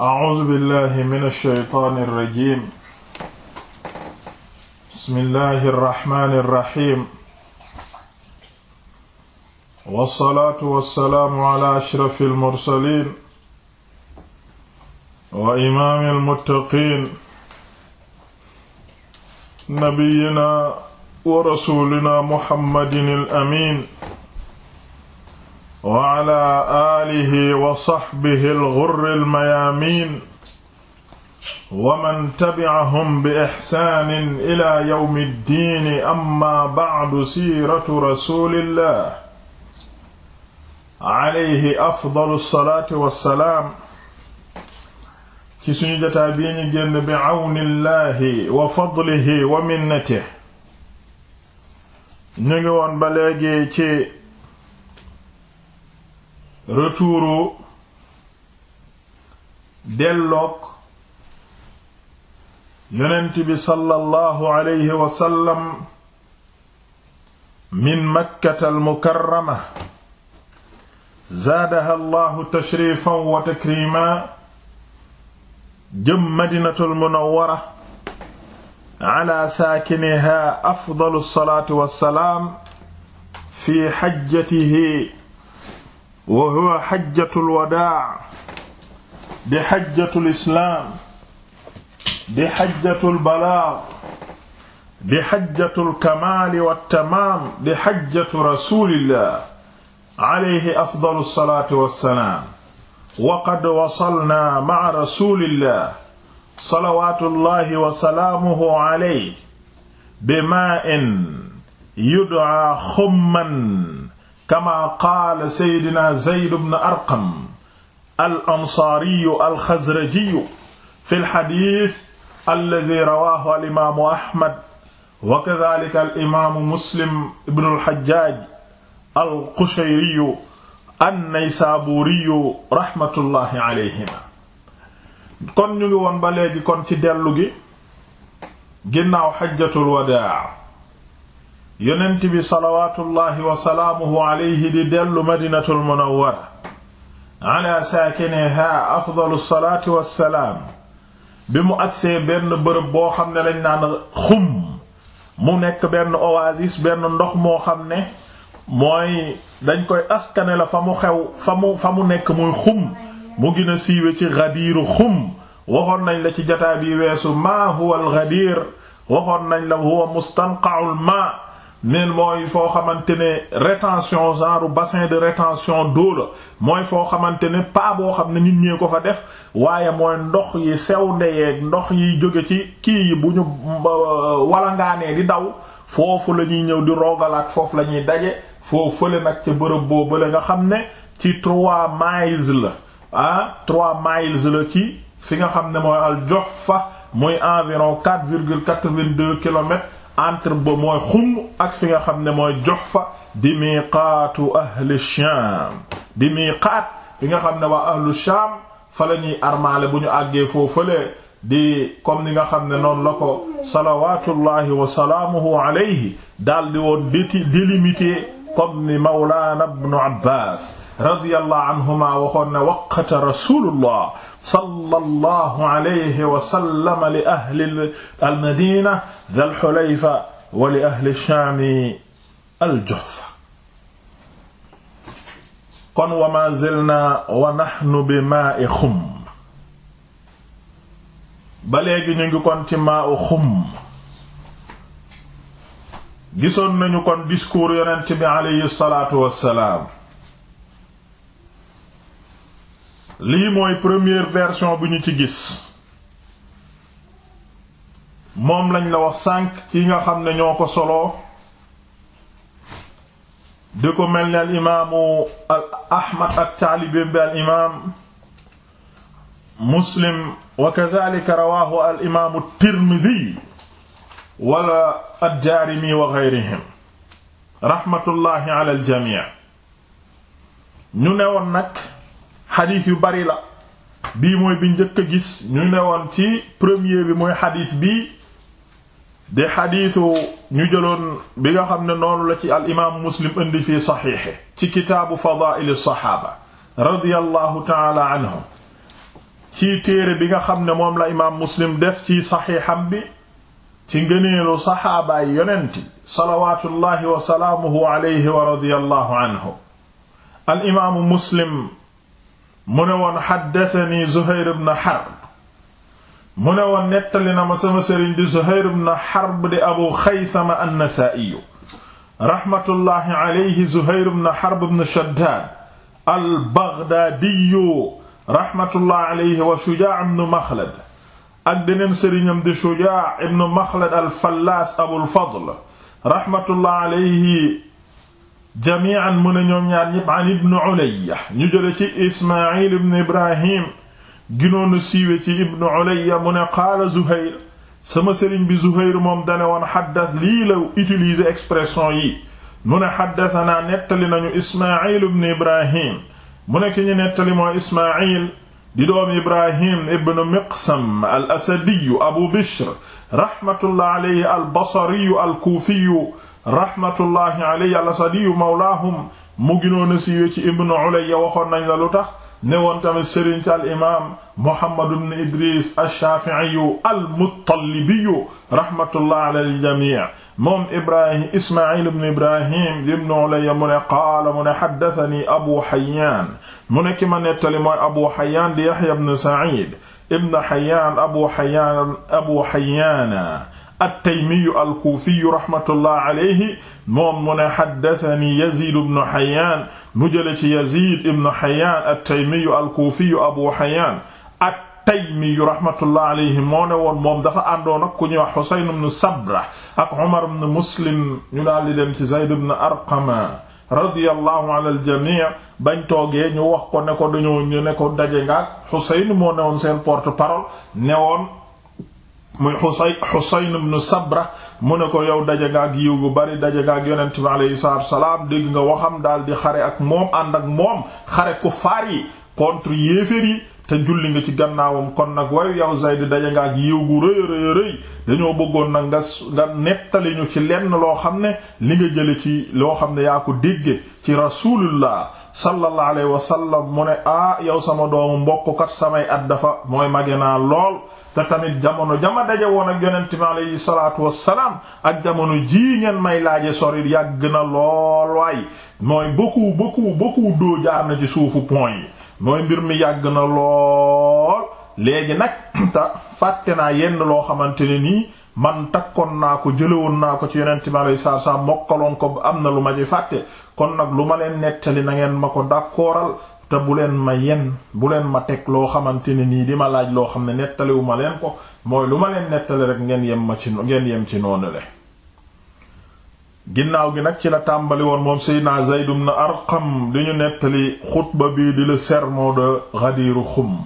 أعوذ بالله من الشيطان الرجيم بسم الله الرحمن الرحيم والصلاة والسلام على أشرف المرسلين وإمام المتقين نبينا ورسولنا محمد الأمين wa ala aalihi wa saxbihi al-ghurri al-mayaamiin wa man tabi'ahum bi ixsaanin ila yawmi ddiini amma ba'du siiratu rasuulillah alayhi afdalu salaatu wa salaam ci suñu jotaay bi ñu génn bi awnillahi wa fadlihi wa minnatihi ñu ngi woon ba léegi ci retouru delloog yonent bi sallallahu alayhi wa sallam min makkata almukarrama zaadaha allahu tashrifan wa takrima jëm madinatul munawwara ala saakiniha afdalu salaatu wassalaam fi hajjatihi wa huwa xajjatul wadaa di xajjatul islaam di xajjatul balaag di xajjatul kamaali wa tamaam di xajjatu rasuulillah alayhi afdalu salaatu wa salaam wa qad wasalnaa ma'a rasuulillah salawaatullahi wa salaamuhu alayhi bimaa'in yud'aa xumman kama qaala seydina zeyd bn arqam al ansaariyu al xazrajiyu fi lxadis alladi rawaahu al imaamu ahmad wa kadaalika al imaamu muslim ibnul xajjaaj al qushayriyu an naysaabuuriyu raxmatullahi aleyhima kon ñu ngi woon ba léegi kon ci dellu gi ginnaaw xajjatul wadaa yonent bi salawaatullahi wa salaamu alayhi di dellu madinatul munawwara ala saakiniha afdalu wa wassalaam bi mu agsee benn bërëb boo xam ne lañ naan xum mu nekk benn oasis benn ndox moo xam ne mooy dañ koy askane la fa mu nekk muy xum mu gën a siiwe ci xadiiru xum waxoon nañ la ci jotaay bi weesu maa huwa al xadiir waxoon nañ la huwa mustanqa'ul maa min mooy foo xamante ne rétention genre bassin de rétention d'eau mooy foo xamante ne pas xam ne nit ñee ko fa def waaye mooy ndox yi sew ndeyeeg ndox yi jóge ci kii yi bu ñu walangaanee di daw foofu la ñuy ñëw di rogalaat foofu la ñuy daje foofu fële nag ci bërëb boo bële nga xam ne ci trois miles la ah trois miles la ci fi nga xam ne mooy al Juhfa muy environ quatre virgule quatre-vingt-deux kilomètres entre bo mooy xum ak fi nga xam ne mooy Juhfa di miiqaatu ahli Shaam di miiqaat fi nga xam ne waa ahlu Shaam fa la ñuy armaale bu ñu àggee foofale di comme ni nga xam ne noonu la ko salawatullahi wa salaamuhu alayhi daal di woon déti délimité comme ni mawlaana ibnu Abbaas radiyallahu anhuma waxoon ne waqata rasulullah sallallahu alayhi wa sallam li ahli al-Madina dhal xulayfa wa li ahli shaami al juhfa kon wa ma zilna wa nahnu bi maa'i xum ba ñu ngi kon ci maa'u xum gisoon nañu kon discours yonent bi aleyhi salaatu wassalaam lii mooy première version bu ñu ci gis moom lañ la wax sànq ci nga xam ne ñoo ko soloo di ko mel ni al imaamu al ahmad ak taalibeem bi al imaam muslim wa kadhalika rawaahu al imaamu tirmidhi wala ad-daarimi wa ghayrihim rahmatullahi ala al jamii ñu ne woon nag xadiis yu bari la bii mooy bi njëkk a gis ñu ne woon ci premier bi mooy xadiis bi di xadiisu ñu jëloon bi nga xam ne noonu la ci al imaam muslim indi fi saxiixe ci kitaabu fadaa'il as-saxaaba radiyallahu taala anhum ci téere bi nga xam ne moom la imaam muslim def ci saxiixam bi ci ngëneelu saxaabaay yonenti salawaatullahi wa salaamuhu alayhi wa radiyallahu anhu al imaamu muslim mu ne woon xaddasani zuhayr ibn harb mu ne woon nettali na ma sama sëriñ di Zuhayr ibn Harb di Abu Xaysama an-Nasaa'iyu raxmatullaahi alayhi Zuhayr ibn Harb ibn Shaddaad al-Baghdaadiyu raxmatullaahi alayhi wa Shujaa' ibn Maxlad ak deneen sëriñam di Shujaa' ibn Maxlad al-Fallaas Abul Fadl raxmatullaahi alayhi jamii'an mu ne ñoom ñaar ñépp an Ibn Ulayya ñu jële ci Ismaa'iil ibn Ibraahiim ginoon a siiwe ci ibn Ulayya mu ne qaala Zuhayr sama sëriñ bi Zuhayr moom dane woon xaddas lii la utiliser expression yi mu ne xaddatanaa nettali nañu Ismaayil ibn Ibrahim mu ne ki ñu nettali moo Ismaayil di doom Ibrahim ibn Miqsam al asadiyu Abu Bishr rahmatullah alayhi al basariyu al kuufiyu rahmatullahi alayhi al asadiyu mawlaahum mu ginoon a siiwe ci ibn Ulayya waxoon nañ la lu tax ne woon tamit sëriñ ci al imaam Muhammad ibn Idris ash-Shafi'i al-Muttalibi rahmatullah ala al-jami' moom Ibrahim Isma'il ibn Ibrahim ibn Ulayya mu ne qaala mu ne haddathani Abu Hayyan mu ne ki ma nettali mooy Abu Hayyan di Yahya ibn Sa'id ibn Hayyan Abu Hayyan Abu Hayyan at-Taymiyu al-Kufiyu rahmatullah alayhi moom mu ne haddathani Yazid ibn Hayyan mu jële ci Yazid ibn Hayyan at-Taymiyu al-Kufiyu Abu Hayyan at-Taymiyu rahmatullah alayhi moo ne woon moom dafa àndoon ak ku ñuy wax Husayn ibn Sabra ak Umar ibn Muslim ñu daal di dem ci Zayd ibn Arqama radiyallahu ala al-jami' bañ toogee ñu wax ko ne ko dañoo ñu ne ko daje nga ak Husayn moo ne woon seen porte-parole ne woon muy Xusay Xusayn ibn Sabra mu ne ko yow daje nga ak bu bari daje nga ak yonent bi aleyhi salaatu wasalaam dégg nga waxam daal di xare ak moom ànd ak moom xare kuffaar yi contre yéeféer yi te julli nga ci gannaawam kon nag wayu yow Zayd daje nga ak yiw gu rëy rëy rëy dañoo bëggoon nag nga nga nettali ñu ci lenn loo xam ne li nga jële ci loo xam ne yaa ko dégge ci Rasulullah sallallahu alayhi wa sallam mu ne ah yow sama doomu mbokk kat samay at dafa mooy mage naa lool te tamit jamono jama daje woon ak yonent bi alayhi salaatu wassalaam ak jamono jii ngeen may laaje sori yàgg na lool waay mooy beaucoup beaucoup beaucoup doo jaar na ci suufu pont yi mooy mbir mi yàgg na lool léegi nag te fàtte naa yenn loo xamante ne nii man takkoon naa ko jëlewoon naa ko ci yonent bi alayhi salaatu wassalaam mokkaloon ko am na lu ma ci fàtte kon nag lu ma leen nettali na ngeen ma ko dàkkooral te bu leen ma yen bu leen ma teg loo xamante ne nii di ma laaj loo xam ne nettaliwu ma leen ko mooy lu ma leen nettali rek ngeen yem ma ci ngeen ci noonu le ginnaaw gi nag ci la tàmbali woon moom Seydina Zayd na Arqam di ñu nettali xutba bii di la sermon de Ghadir Khoum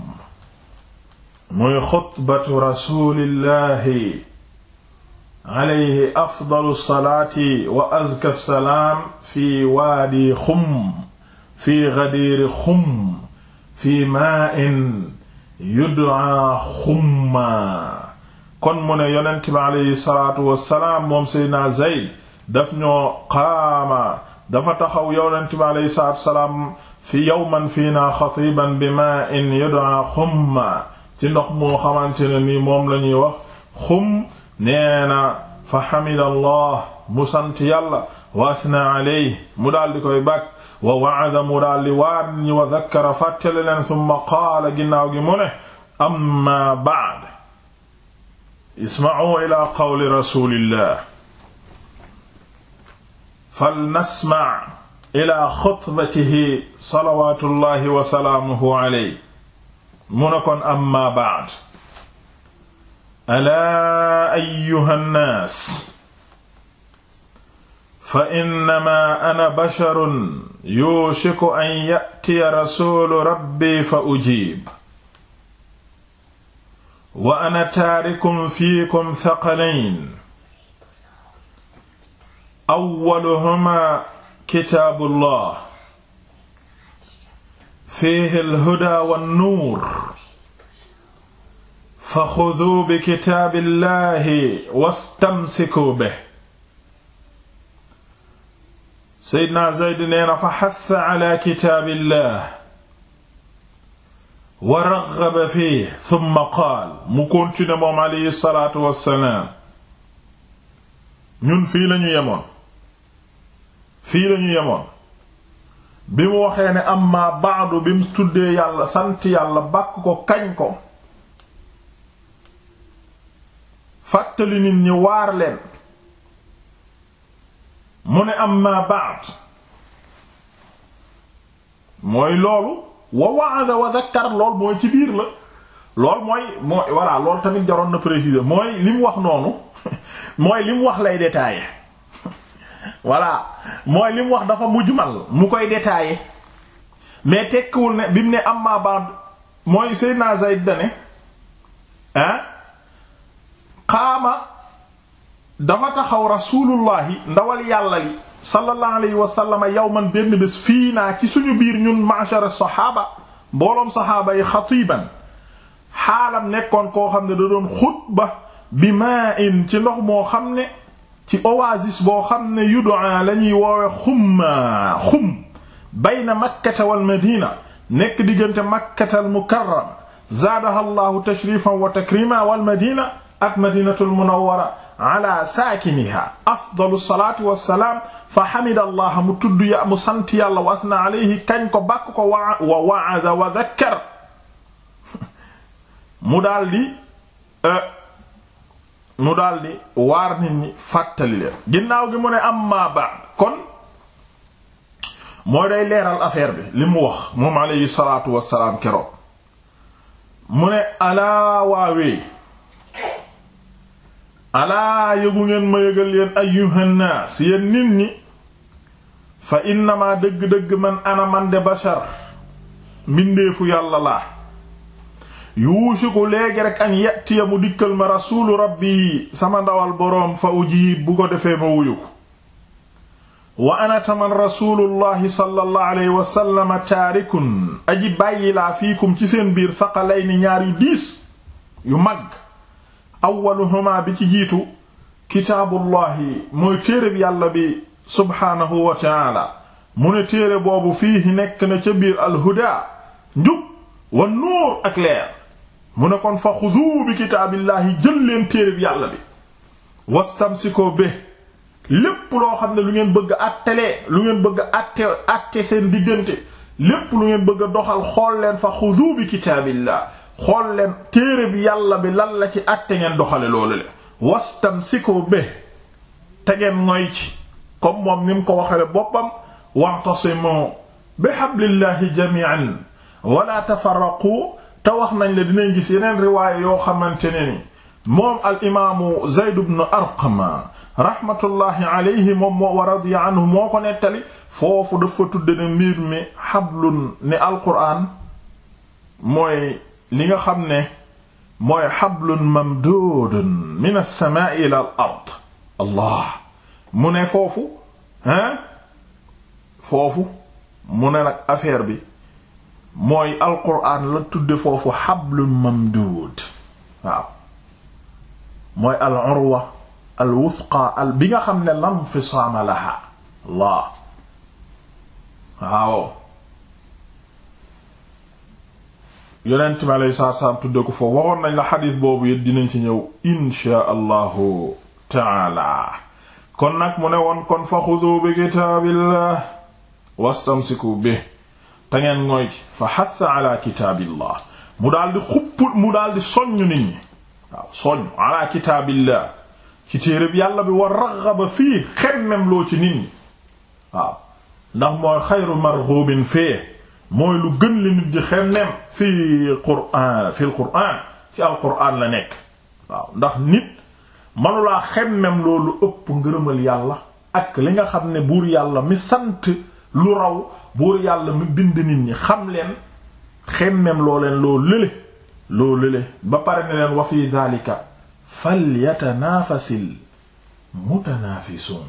muy xutbatu rasulillahi alayhi afdalu salaati wa azka salaam fi waadi xum fi gadiiri xum fi maa'in yud'aa xumma kon mu ne yonent bi alayhi salaatu wa salaam moom Seydina Zayd daf ñoo qaama dafa taxaw yonent bi alayhi salaatu wa salaam fi yawman fiinaa xatiiban bi maa'in yud'aa xumma ci ndox moo xamante ne nii moom la ñuy wax xum. nee na fa xamida allah mu sant yàlla wa asna alayhi mu daal di koy bàkk wa wa'ada mu daal di waar ñi wa dakkara fàttali leen summa qaala ginnaaw gi mu ne amma ba'd isma'u ila qawli rasulillah falnasma' ila xutbatihi salawatullahi wa salaamuhu alayhi mu ne kon amma ba'd alaa ayyuha nnaas fa innama ana basharun yuushiku an ya'tiya rasuulu rabbi fa ujiib wa ana taarikum fiikum thaqalayn awwaluhumaa kitaabullah fiihi alhudaa wannuur fa xuduu bi kitaabillahi wastamsikuu be seydna zeyd neena fa xatta ala kitaabillah wa raxaba fii tumma qaal mu continue moom alayhi salaatu wassalaam ñun fii lañu yemoon fii lañu yemoon bi mu waxee ne amma baadu bi mu tuddee yàlla sant yàlla bàkk ko kañ ko fàttali nit ñi waar leen mu ne amma ba'd mooy loolu wa wa'ada wa dhakkar lool mooy ci biir la lool mooy mooy voilà loolu tamit jaroon na préciser mooy li mu wax noonu mooy li mu wax lay détailler voilà mooy li mu wax dafa mujmal mu koy détailler mais tekkiwul ne bi mu ne amma ba'd mooy Seydina Zayd dane ah xaama dafa taxaw ndawal yàlla li sallallahu alayhi wa sallama yawman benn bés fii naa ci suñu biir ñun ma'shar saxaaba mbooloom saxaaba yi xatiiban xaalam nekkoon koo xam ne da doon xutba bi ma'in ci ndox moo xam ne ci oasis boo xam ne yudaa la ñuy woowe xumma xum bayna makkata wal madina nekk diggante makkata al mukarrama zaadaha allahu tashrifan wa takrima wal madina ak madinatul munawwara ala saakiniha afdalu salaatu wassalaam fa hamida allah mu tudd ya mu sant yàlla wa asna alayhi kañ ko bàkk ko wa wa'aza wa dhakkar mu daldi euh, mu daldi waar nit ñi fàttali leen ginnaaw gi mu ne amma ba'd kon leeral affaire bi mu wax moom alayhi salaatu wassalaam keroog mu ne alaa waawee alaa yëgu ngeen ma yëgal yéen ayyuhannaas yéen nit ñi fa innama dëgg-dëgg man ana man de bashar mbindeefu yàlla laa yuushiku léegi rek an yatiya mu dikkal ma rasuulu rabbi sama ndawal boroom fa ujiib bu ko defee ma wuyu ko wa anata man rasuulullahi sallallahu alayhi wa taarikun aji bàyyi laa fiikum ci seen biir saqalay ni ñaar yu diis yu mag awwaluhuma bi ci jiitu kitaabullahi mooy bi yàlla bi subhaanahu wa taala mune téere boobu fiihi nekk na ca biir alhuda njub wa nuur ak leer mu kon fa xuduu bi kitaabillaahi jël leen téereb yàlla bi wastamsikoo be lépp loo xam ne lu ngeen bëgg a attelee lu ngeen bëgg a atte atte seen diggante lépp lu ngeen bëgg a doxal xool leen fa xuduu bi xool leen téere bi yàlla bi lan la ci àtte ngeen doxale loolu le wastamsiku be te ngeen ngoy ci comme moom ni mu ko waxale boppam wa'tasimu bi hablillahi jami'an wala tafarraqu wax nañ la dinañ gis yeneen riwaaya yoo xamante ne moom al imaamu Zayd ibn Arqam rahmatullahi alayhi moom moo wa radiya anhu moo ko nettali foofu dafa tudde ne mbir mi xablun ne alquraan mooy li nga xam ne mooy xablun mamduudun min as-samaa ila al-ard allah mu ne foofu hein foofu mu ne la affaire bi mooy alquraan la tudde foofu xablun mamduud waaw mooy al urwa al wuthqa al bi nga xam ne lam fisaama laha allah waaw yonent mi aleyhi salaatu salaam tudde ko foofu waxoon nañ la xadiis boobu yit dinañ ci ñëw inshaa allahu taala kon nag mu ne woon kon fa xudu bi kitaabillah wastamsiku bi te ngeen mooy fa xassa ala kitaabillah mu daal di mu daal di soññ nit ñi ala kitaabillah ci téere bi yàlla bi wa raxaba fii xemmem loo ci nit ñi waaw ndax mooy xayru marxubin mooy lu gën li nit di xemnem fi qur'an fi qur'an ci al qur'an la nekk waaw ndax nit manulaa xemmem loolu ëpp ngërëmal yàlla ak li nga xam ne buur yàlla mi sant lu raw buur yàlla mi bind nit ñi xam leen xemmem loo loo lële loo lële ba pare ne leen wa fi dhalika falyatanaafasil mutanaafisun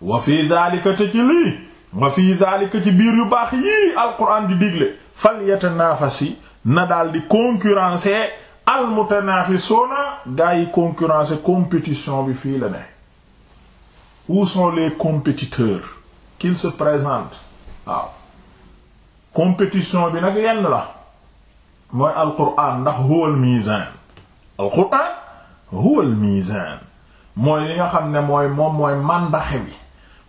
wa fi dhalika te ci lii ma fii zalika ci biir yu baax yii alquran di digle falyatanafasi na daal di concurrencer almutanafisuna gaa yi concurrencer compétition bi fii la ne où sont les compétiteurs qu'ils se présentent waaw bi nag yenn la mooy alquran ndax huwal mizan alquran huwal mizan mooy li nga xam ne mooy moom mooy màndaxe bi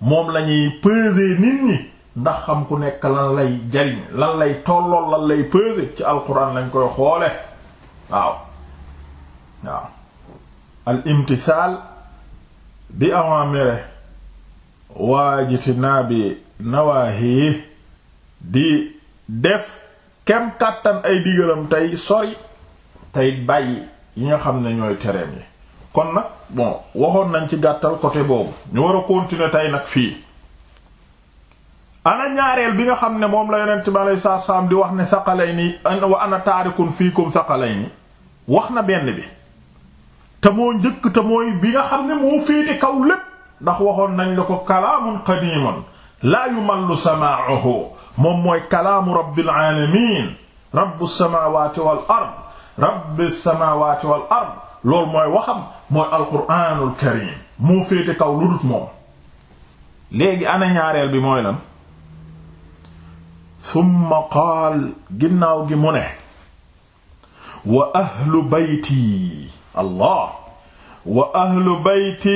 moom la ñuy peser nit ñi ndax xam ku nekk lan lay jariñ lan lay tollool lan lay peser ci alquran lañ koy xoole waaw waaw al imtisaal bi awaamire waajitinaabi nawaahi di def kem kàttan ay digalam tey sori tey bàyyi yi nga xam ne ñooy tereem yi kon nag bon waxoon nañ ci gàttal côté boobu ñu war a continuer tey nag fii ana ñaareel bi nga xam ne moom la yonent bi alayhi saam di wax ne saqalayni wa ana taarikun fiikum saqalayni wax na benn bi te moo njëkk te bi nga xam ne moo féete kaw lépp ndax waxoon nañ la ko kalaamun qadiimun laa yumallu samaa'uhu mooy kalaamu rabbil aalamiin rabbus samaawaati wal ard rabbis samaawaati wal ard loolu mooy waxam mooy alquranul karim moo féete kaw lu dut moom léegi ana ñaareel bi mooy lan summa qaal ginnaaw gi mu ne wa ahlu bayti allah wa ahlu bayti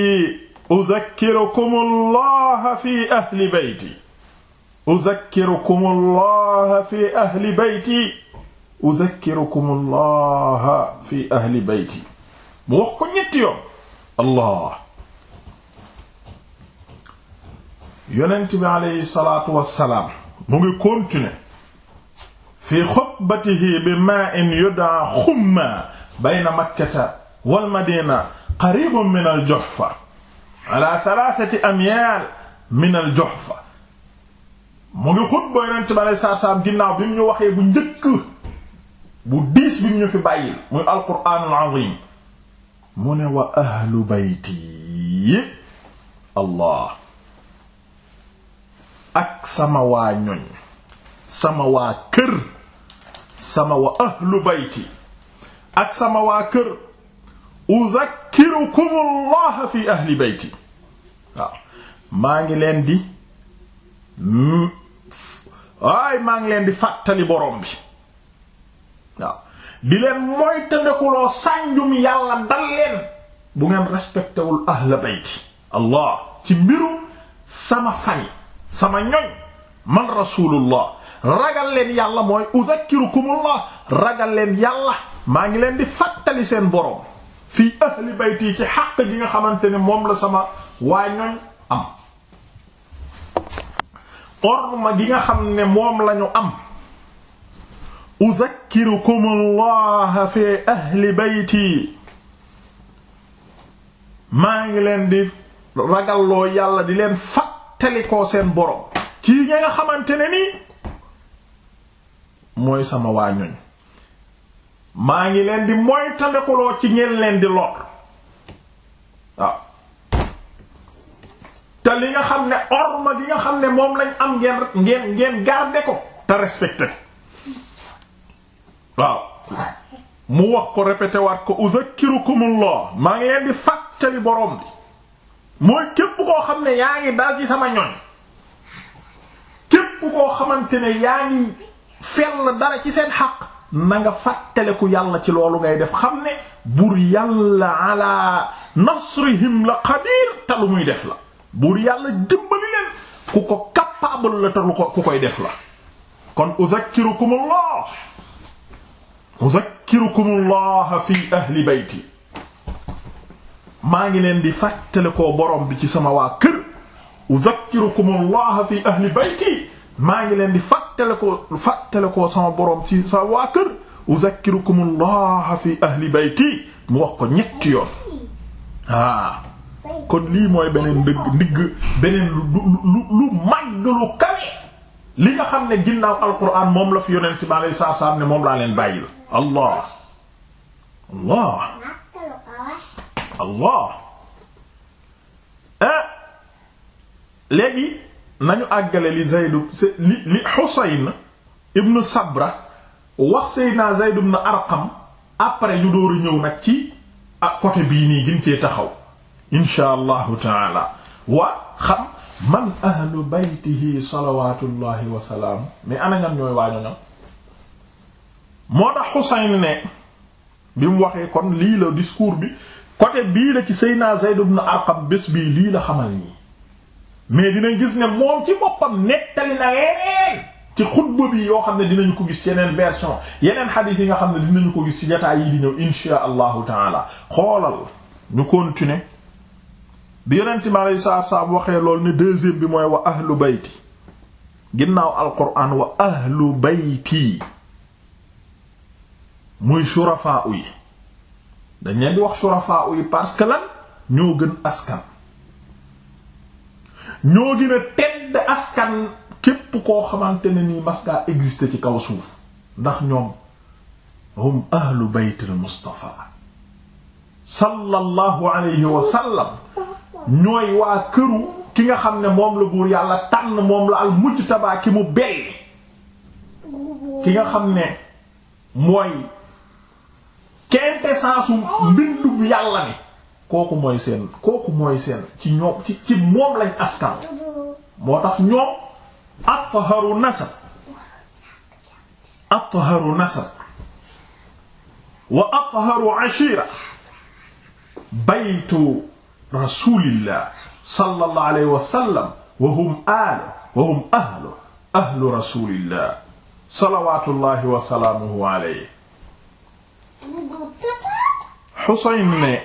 uzakkirukum allah fi ahli bayti uzakkirukum allah fi ahli bayti uzakkirukum allah fi ahli bayti mu wax ko ñetti yoon allah yonent bi aleyhi salaatu wassalaam mu ngi continuer fi xutbatihi bi ma'in yud'a xumma bayna makkata wal madina qaribun min al juhfa ala thalathati amyal min al juhfa ginnaaw bi mu bu njëkk bu diis bi mu ñu fi bàyyil mu ne wa ahlu bayti allah ak sama waa ñoñ sama waa kër sama wa ahlu bayti ak sama waa kër uzakkirukum allah fi ahli bayti maa ngi leen di hmm, ay maa ngi leen di fàttali borom bi di leen moytandikuloo sànjum yàlla dal leen bu ngeen respectéwul ahla bayti allah ci mbiru sama fay sama ñoñ man rasulullah ragal leen yàlla mooy udhakkirukumullah ragal leen yàlla maa ngi leen di fàttali seen borom fii ahli bayti ci xaq gi nga xamante ne moom la sama waa ñoñ am orma gi nga xam ne moom lañu am uzakkirukum allah fi ahli bayti maa ngi leen di ragalloo yàlla di leen fàttalikoo seen borom ci ña nga xamante ne ni mooy sama waa ñoñ maa ngi leen di moytandikuloo ci ngeen leen di lor waaw te li nga xam ne orma gi nga xam ne moom lañ am ngeen ngeen ngeen garder ko te respecter waaw mu wax ko répété waat ko uzakkirukumullah maa ngi leen di fàttali borom bi koo xam ne yaa ngi dal ci sama ñoñ képp koo xamante ne yaa ngi fell dara ci seen xaq na nga ku yàlla ci loolu ngay def xam ne buur yàlla ala nasrihim la qadir te lu muy def la buur yàlla dimbali leen ku ko capable la te lu ko ku koy def la kon uzakkirukumullah uzakkirukumullah fi ahli bayti maa ngi leen di fàttale borom bi ci sama waa kër uzakkirukumullah fi ahli maa ngi leen di fàttale ko fàttale koo sama borom ci sama waa kër uzakkirukumullah mu wax ko ñetti yoon ah kon lii mooy beneen ndigg ndigg beneen lu ne ginnaaw alquran moom la fi yonent bi alayhi salaam ne moom laa leen bàyyil allah allah ah léegi nañu àggale li Zayd li li Husayn ibn Sabra wax Seydina Zayd ibn Arqam après ñu dóoru ñëw nag ci ak ah, côté bii nii gën cee taxaw insha allahu taala waa xam man ahlu baytihi salawatullahi wa salaam mais ana ñam ñooy waañoñam moo tax Xusayn ne bi mu waxee kon lii la discours bi côté bii la ci Seydina Zayd ibn Arqam bés bii lii la xamal nii mais dinañ gis ne moom ci boppam nettali na leneen ci xutba bi yoo xam ne dinañ ko gis yeneen version yeneen xadiis yi nga xam ne dinañu ko gis ci jotaay yi di ñëw insha allahu taala xoolal ñu continuer bi yonent mi aleyhi salaatu salaam waxee loolu ne deuxième bi mooy wa ahlu bayti ginnaaw alquran wa ahlu bayti muy surafaa yi dañ leen di wax surafaa uy parce que lan ñoo gën askan ñoo gën tedd askan képp koo xamante ne nii mas ngaa ci kaw suuf ndax ñoom hum ahlu baytil mustafa sallallahu alayhi wa sallam ñooy waa këru ki nga xam ne moom la buur yàlla tànn moom la al mujtabaa ki mu bell ki nga xam ne mooy quintessence mbindum yàlla ni kooku mooy seen kooku mooy seen ci ñoom ci ci moom lañ askan moo tax ñoom atharu nasab atharu nasab wa atharu ashira baytu rasulillah sallallahu alayhi wa sallam wa hum ahlu wa hum ahlu ahlu rasulillah salawatullahi wa salaamuhu alayhi Xusayn ne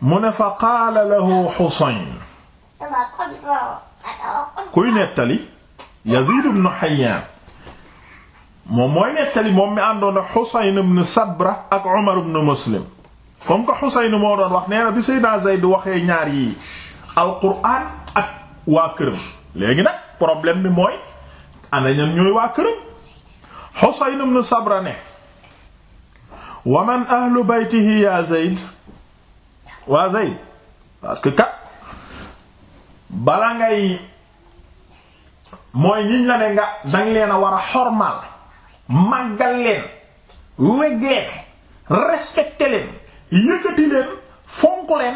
mu ne fa qaala lahu Xusayn kuy nettali Yaziid ibn Hayyaan moom mooy nettali moom mi àndoon Xusayn ibn Sabra ak Umar ibn Muslim comme que Xusayn moo doon wax nee na bi Seydina Zayd waxee ñaar yi alquraan ak waa këram léegi nag problème bi mooy ana ñan ñooy waa këram Husayn ibn Sabra ne wa man ahlu baytihi yaa Zayd waa Zayd parce que kat bala ngay mooy ñiñ la ne nga danga leen a war a xormaal màggal leen weg leen respecté leen yëkkati leen fonk leen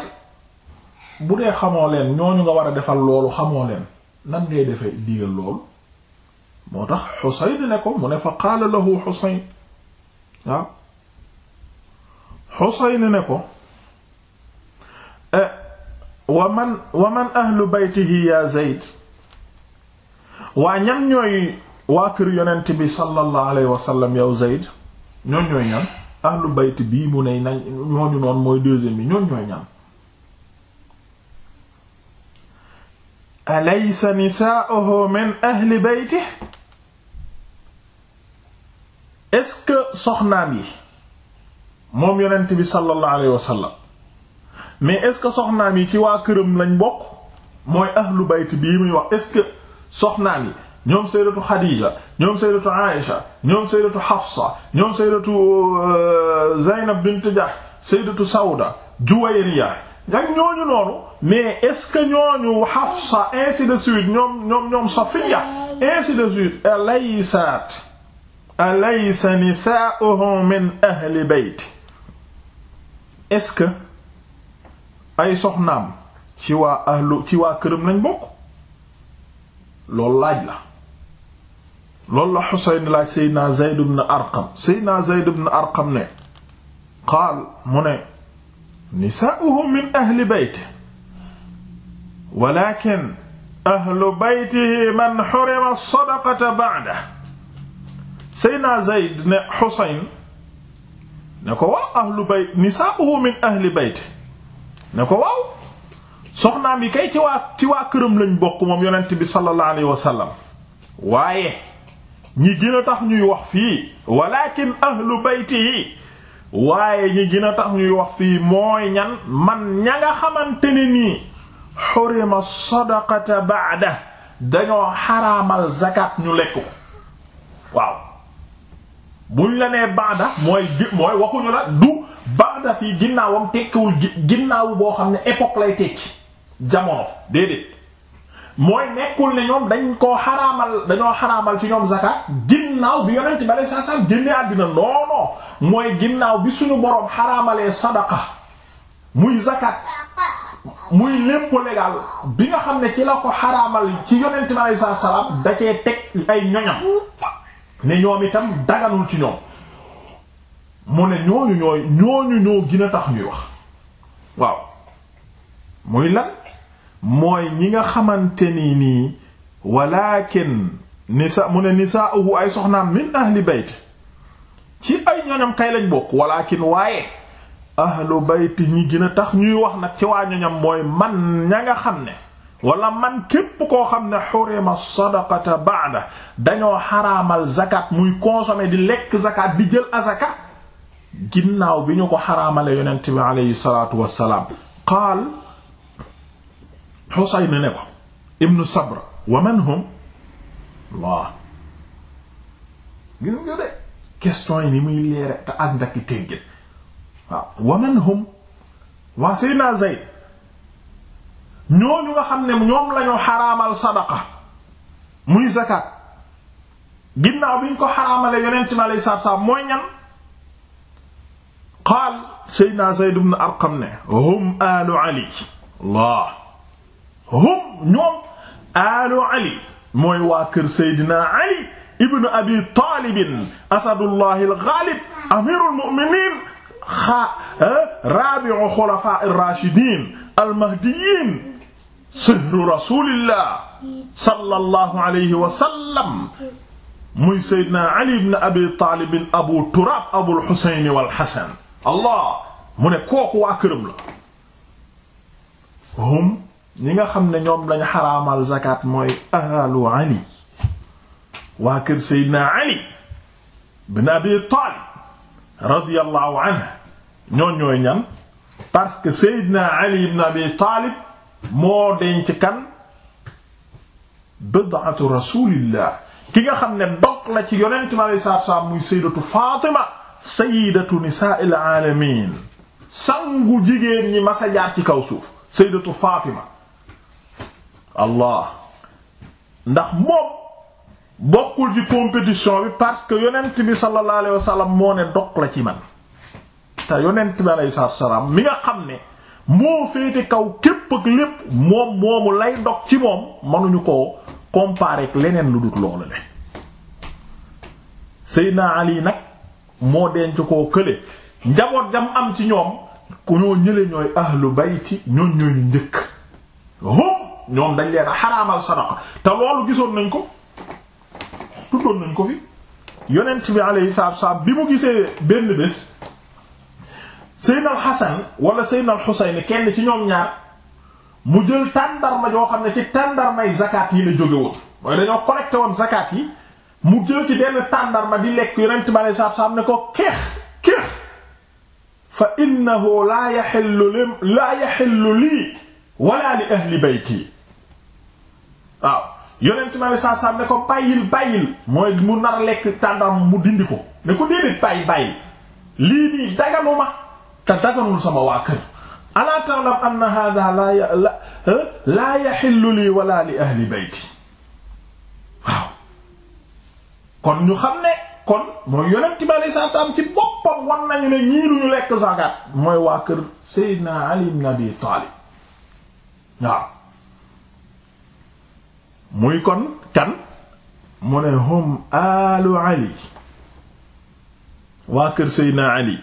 bu dee xamoo leen ñooñu nga war a defal loolu xamoo leen nan ngay defee digal loolu moo tax Xusayn ne ko mu ne fa qaala lahu Xusayn waaw ne ko eh, wa man wa man ahlu baytihi ya Zayd waa ñan ñooy waa kër yonent bi sallallahu alayhi wa sallam yow Zayd ñooñ ñooy ñan ahlu bayt mu ne nañ ñooñu noonu mooy bi ñooñ min ahli baytihi est-ce que soxnaam yi moom yonent bi sallallahu alayhi mais est-ce que soxnaam yi ci waa këram lañ bokk mooy ahlu bayt bii muy wax est-ce que soxnaam yi ñoom sayyidatu Xadiija ñoom sayyidatu Aïsha ñoom sayyidatu Xafsa ñoom sayyidatu euh, Zaynab bint Jahsh sayyidatu Sawda Juwayriya ak ñooñu noonu mais est-ce que ñooñu Xafsa ainsi de suite ñoom ñoom ñoom Safiya ainsi de suite alaysat alaysa nisaa'uhu min ahli beyti est-ce que ay soxnaam ci waa ahlu ci waa këram lañ bokk loolu laaj la loolu la Xuseyn laaj Seydina Zayd ibn Arqam Seydina Zayd ibn Arqam ne qaal mu ne nisaa'uhu min ahli beyti walakin ahlu beytihi man xurima sadaqata ba'dahu Seyna Zayd ne Xusayn ne ko waaw ahlu bayt nisaa'uhu min ahli bayt ne ko waaw soxnaam yi kay ci waa ci waa këram lañ bokk moom yonent bi sallallahu alayhi wa sallam waaye ñi gën tax ñuy wax fii walakin ahlu bayti yi waaye ñi gën tax ñuy wax fii mooy ñan man ña nga xamante ni nii xurima sadaqata ba'da dañoo xaraamal zakat ñu lekk ko waaw buñ la nee baada mooy mooy waxuñu la du baada fii ginnaawam tekkiwul ginnaawu boo xam ne époque lay tekki jamono déedéet mooy nekkul ne ñoom dañ koo xaraamal dañoo xaramal ci ñoom zakat ginnaaw bi yonent ba lay saa àddina non mooy ginnaaw bi suñu boroom xaramalee sadaqa muy zakat muy lépp légal bi nga xam ne ci la ko xaraamal ci yonent ba da cee teg ay ñoñam. ne ñoom itam daganul ci ñoom mu ne ñooñu ñooy ñooñu ñoo gën a tax ñuy wax waaw muy lan mooy ñi nga xamante ni nii walakin nisa mu ne nisaa'uhu ay soxnaam min ahli bayt ci ay ñoñam kay lañ bokk walakin waaye ahlu bayt ñi gën a tax ñuy wax nag ci waa ñoñam mooy man ña nga xam ne wala man képp koo xam ne xurima sadaqata ba'da dañoo xaraamal zakat muy consommer di lekk zakat di jël azaka ginnaaw bi ñu ko xaraamale yonent bi aleyhi salaatu wassalaam qaal Xusayn ne ko ibnu Sabra waa Seydina Zayd ñooñu nga xam ne ñoom lañu xaraamal sadaqa muy zakat ginnaaw bi ñu ko xaraamale yonent mi alayhi salaatu salaam mooy ñan qaal seydina Zayd ibn Arqam hum alu Ali Allah hum ñoom alu Ali mooy waa kër Ali ibn Abi Taalib asadullahi al-Ghaalib amirul mu'miniin eh, rabi'u xulafaa'i raashidiin al-mahdiyyiin sihru rasulillah sallallahu alayhi wa sallam muy Seydina Ali ibn Abi Taalib Abu Turaab Abul Husayn wal allah mu ne kooku waa hum ñi nga xam ne ñoom lañ xaraamal zakat mooy ahlu Ali waa kër Ali ibn Abi Taalib radiyallahu anhu ñoon ñooy ñan parce que Seydina Ali ibn Abi Taalib moo denc kan bid'atu rasulillah ki nga xam ne dog la ci yonent mi alayhi salaatu salaam muy sayyidatu Fatima sayyidatu nisaa'il aalamiin sangu jigéen ñi masa ci kaw suuf sayyidatu Fatima allah ndax moom bokkul ci compétition bi parce que yonent bi sallallahu alayhi wa moo ne dog la ci man te yonent bi alayhi salaam mi nga xam ne moo féete kaw képp ak lépp moom moomu lay dog ci moom mënuñu ko comparer leneen lu dut loolu le Seydina Ali nag moo denc koo kële njaboot jam am ci ñoom ku ñoo ñële ñooy ahlu ci ñoon ñooy njëkk hum ñoom dañ leen a xaraamal sadaqa te loolu gisoon nañ ko tuddoon nañ ko fi yonent bi alayhi salaatu wa salaam bi mu gisee benn bés Seydina al Hasan wala Seydina al kenn ci ñoom ñaar mu jël tàndarma joo xam ne ci tàndarmay zakat yi la jóge woon mooy dañoo collecté woon zakat yi mu jël ci benn tàndarma di lekk yonent bi alei satu salaam ne ko keex keex fa innahu laa yaxillu li lii wala li ahli bayti waaw yonent bi alei satu salaam ne ko bàyyil bàyyil mooy mu nar lekk tàndarma mu dindi ko ne ko déedéet bàyyi lii nii daganuma te daganul sama waa kër alaa ta'lam anna hadha la eh, laa yaxillu lii wala li ahli bayti waaw kon ñu xam ne kon mooy yonent bi alei satu salaam ci boppam wan nañu ne ñii duñu lekk zakat mooy waa kër Seydina Ali ibn Abi Taalib waaw muy kon kan mu ne hum alu Ali waa kër Seydina Ali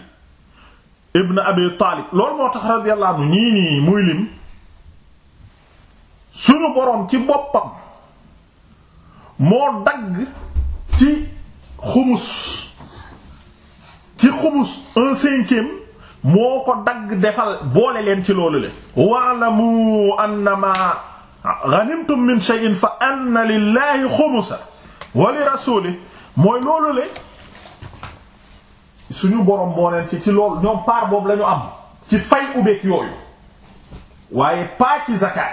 ibn abi taalib loolu moo tax radiyallahu anhu ñii nii muy lim suñu boroom ci boppam moo dagg ci xumus ci xumus un cinquième moo ko dagg defal boole leen ci loolu le wa'lamu annama ghanimtum min shay'in fa anna lillahi xumusa wa li rasulihi mooy loolu le suñu borom moo ci ci loolu ñoom part boobu lañu am ci fay ubeeg yooyu waaye pas ci zakat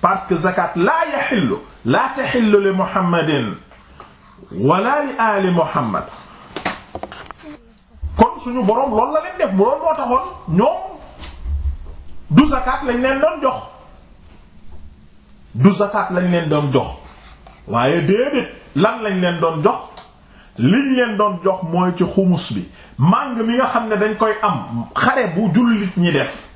parce que zakat laa yaxillu laa taxillu li muhammadin wala li ali muhammad kon suñu borom loolu la ñoom du zakat lañ leen doon jox du zakat lañ leen doon jox waaye déedéet lan lañ leen doon jox liñ leen doon jox mooy ci xumus bi màng mi nga xam ne dañ koy am xare bu jullit ñi def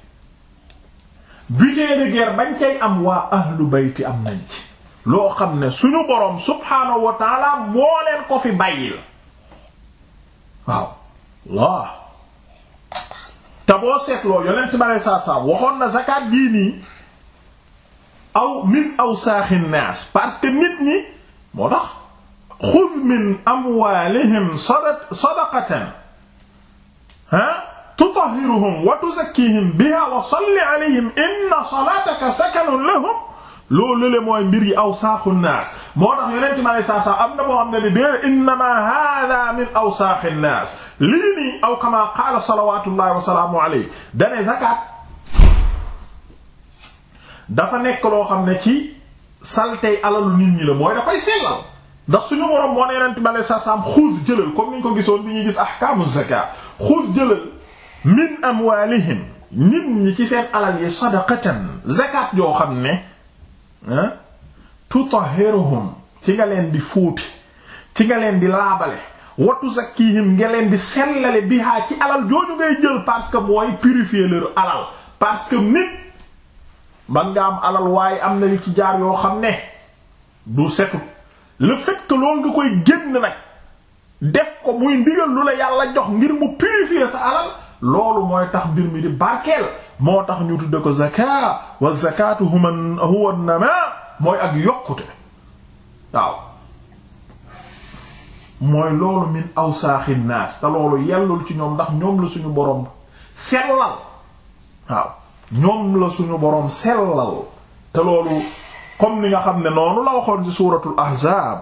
butin de guerre bañ cay am waa ahlu bayti am nañ ci loo xam ne suñu boroom subhaanahu wa taala moo leen ko fi bàyyil waaw laa te seetloo yonent ba lay saa saa waxoon na zakat jii nii aw min aw saaxi naas parce que nit ñi moo tax xud min amwaalihim sadaqatan ha tutahhiruhum wa tuzakkiihim bihaa wa salli alayhim inna salaataka sakanun lahum loolu le mooy mbir yi awsaaxu nnaas moo tax yonent mi alayhi salaatu am na boo xam ne ni déer innamaa haadaa min awsaaxi nnaas lii nii aw kamaa qaala salawaatullaahi wa salaamuhu alayhi dane zakat dafa nekk loo xam ne ci saltey alalu nit ñi la mooy da koy sellal ndax suñu borom moo ne yonent bi alayhi salaam xuz jëlal comme niñ ko gisoon bi ñuy gis ahkaamu zakat xuz jëlal min amwaalihim nit ñi ci seen alal yi sadaqatan zakat yoo xam ne ah tutahhiruhum ci nga leen di fóoti ci nga leen di laabale watu zakkihim nga leen di sellale bihaa ci alal jooju ngay jël parce que mooy purifier leur alal parce que nit man nga am alal waaye am na li ci jaar yoo xam ne du setut le fait loolu nga koy génn nag def ko muy ndigal lu la yàlla jox ngir mu purifier sa alal loolu mooy tax mbir mi di barkeel moo tax ñu tudde ko zakat wa zakatu huwa an-namaa mooy ak yokkute waaw mooy loolu min awsaaxi naas te loolu yellul ci ñoom ndax ñoom la suñu boroom sellal waaw ñoom la suñu boroom sellal te loolu comme ni nga xam ne noonu la waxoon ci suuratul ahzaab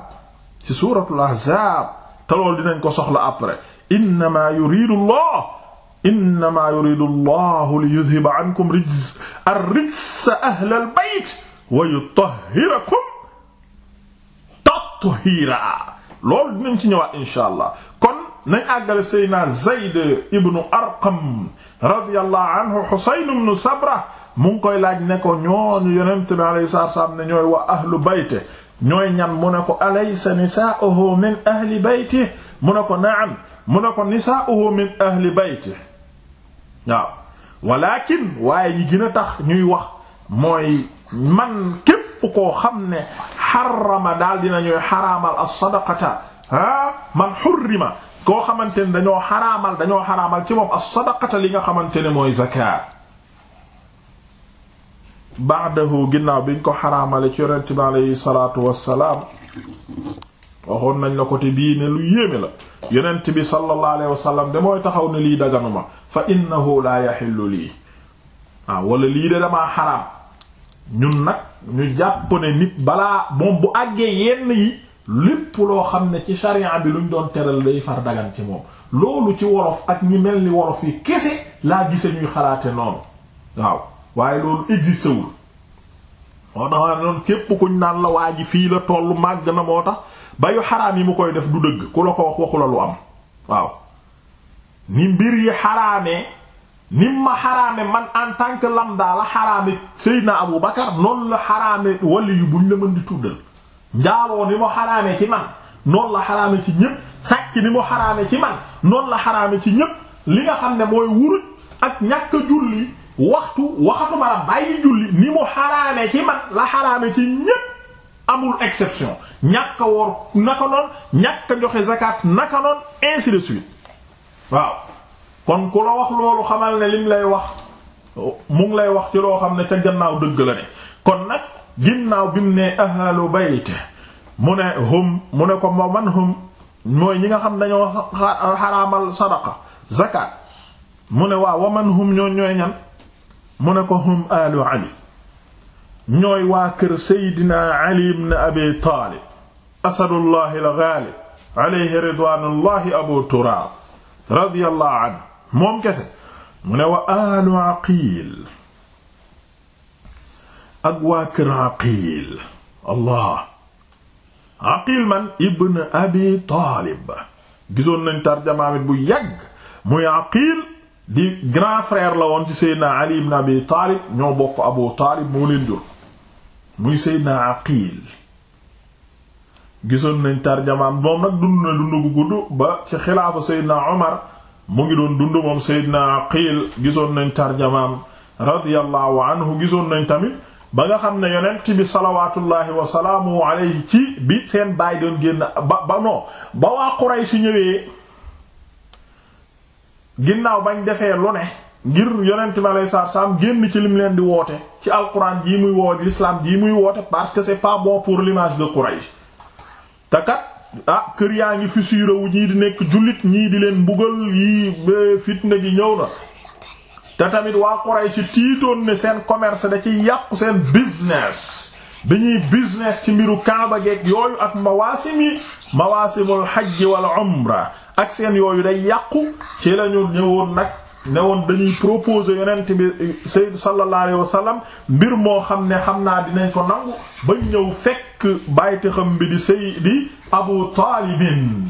ci suuratul ahzaab te loolu dinañ ko soxla après innamaa yuridu allah innamaa yuridu allahu li yudhiba ankum rijs ar-rijsa ahla al-bayt wa yutahhirakum tathiira loolu dinañ ci ñëwaat insha allah kon nañ àggale Seydina Zayd ibnu Arqam radiyallahu anhu Husayn ibnu Sabra mu koy laaj ne ko ñooñu yonent bi alayhi salaatu salaam ne ñooy waa ahlu bayte ñooy ñan mu ne ko alaysa nisaa'uhu min ahli bayti mu ne ko na'am mu ne ko nisaa'uhu min ahli bayti waaw walakin waaye yi gën tax ñuy wax mooy man képp ko xam ne xarama daal dinañuy xaraamal as-sadaqata ah man xurrima koo xamante ne dañoo xaraamal dañoo xaraamal ci moom as-sadaqata li nga xamante ne mooy zakat baadahu ginnaaw biñ ko xaraamale ci yonent bi aleyhi salaatu wassalaam waxoon nañ la ko te bii ne lu yéeme la yonent bi sallallahu alayhi wasallam de mooy taxaw ne lii daganuma fa innahu laa yaxillu lii waaw ah, wala lii de damaa xaraam ñun nag ñu jàpp ne nit balaa moom bu àggee yenn yi lépp loo xam ne ci sharia bi luñ doon teral day far dagan ci moom loolu ci wolof ak ñi mel ni wolof yi kese laa gise ñuy xalaate noonu waaw waaye loolu existé wul moo tax noonu képp kuñ naan la waa ji fii la toll màgg na moo tax ba yu xaraam yi mu koy def du dëgg ku la ko wax waxu la lu am waaw ni mbir yi xaraamee ni ma xaraame man en tant que lambda la xaraame Seydina Abu Bakar noonu la xaraame wali yu buñ la mën di tuddal njaaloo ni mu xaraame ci man noonu la xaraame ci ñépp sàcc ni mu xaraame ci man noonu la xaraame ci ñépp li nga xam ne mooy wuruj ak ñàkk julli waxtu waxatuma la bàyyi julli ni mu xaraame ci man la xaraame ci ñépp amul exception ñàkk woor naka noon ñàkk a joxe zakat naka noon ainsi de suite waaw kon ku la loolu xamal ne lim lay wax mu ngi lay wax ci loo xam ne ca gannaaw dëgg la ne kon nag ginnaaw bi mu ne ahalu bayt mu ne hum mu ne ko ma man hum mooy ñi nga xam dañoo xaraamal sadaqa zakat mu ne waaw wa man hum ñoo ñooy ñan mu ne ko hum alu ali ñooy waa kër seydina ali ibn abi taalib asadullahi al-ghaalib alayhi ridwaanullahi abu turaab radiyallahu anhu moom kese mu ne wa alu aqiil ak waa kër aqiil allah aqiil man ibn abi taalib gisoon nañ tarjamaamit bu yàgg muy aqiil di grand frère la woon ci Seydina Ali ibn Abi Taalib ñoo bokk Abu Taalib moo leen jur muy Seydina Aqiil gisoon nañ tarjamaam moom nag dund na dund gu gudd ba ci xilaafa Seydina Omar mu ngi doon dund moom seydna Aqiil gisoon nañ tarjamaam radiyallahu anhu gisoon nañ tamit ba nga xam ne yonent bi salawaatullaahi wa salaamu alayhi ci bi seen baay doon génn ba ba ba waa Quraysh ñëwee ginnaaw bañ defee lu ne ngir yonent bi aleyhi salaatu salaam génn ci lim leen di woote ci alquran jii muy woote l'islam jii muy woote parce que c'est pas bon pour l'image de te kat ah kër yaa ngi fissure wu ñii di nekk jullit ñii di leen mbugal yi fitna gi ñëw na te tamit waa Quraysh tiitoon ne seen commerce da ci yàqu seen business dañuy business ci mbiru Kaaba geek yooyu ak mawaasim yi mawaasimul hajj wal umra ak seen yooyu day yàqu ci lañu ñëwoon nag ne woon dañuy proposé yonent bi sayyid sallallahu alayhi wa mbir moo xam ne xam naa dinañ ko nangu ba ñëw fekk bàytixam bi di sayyidi abu taalibin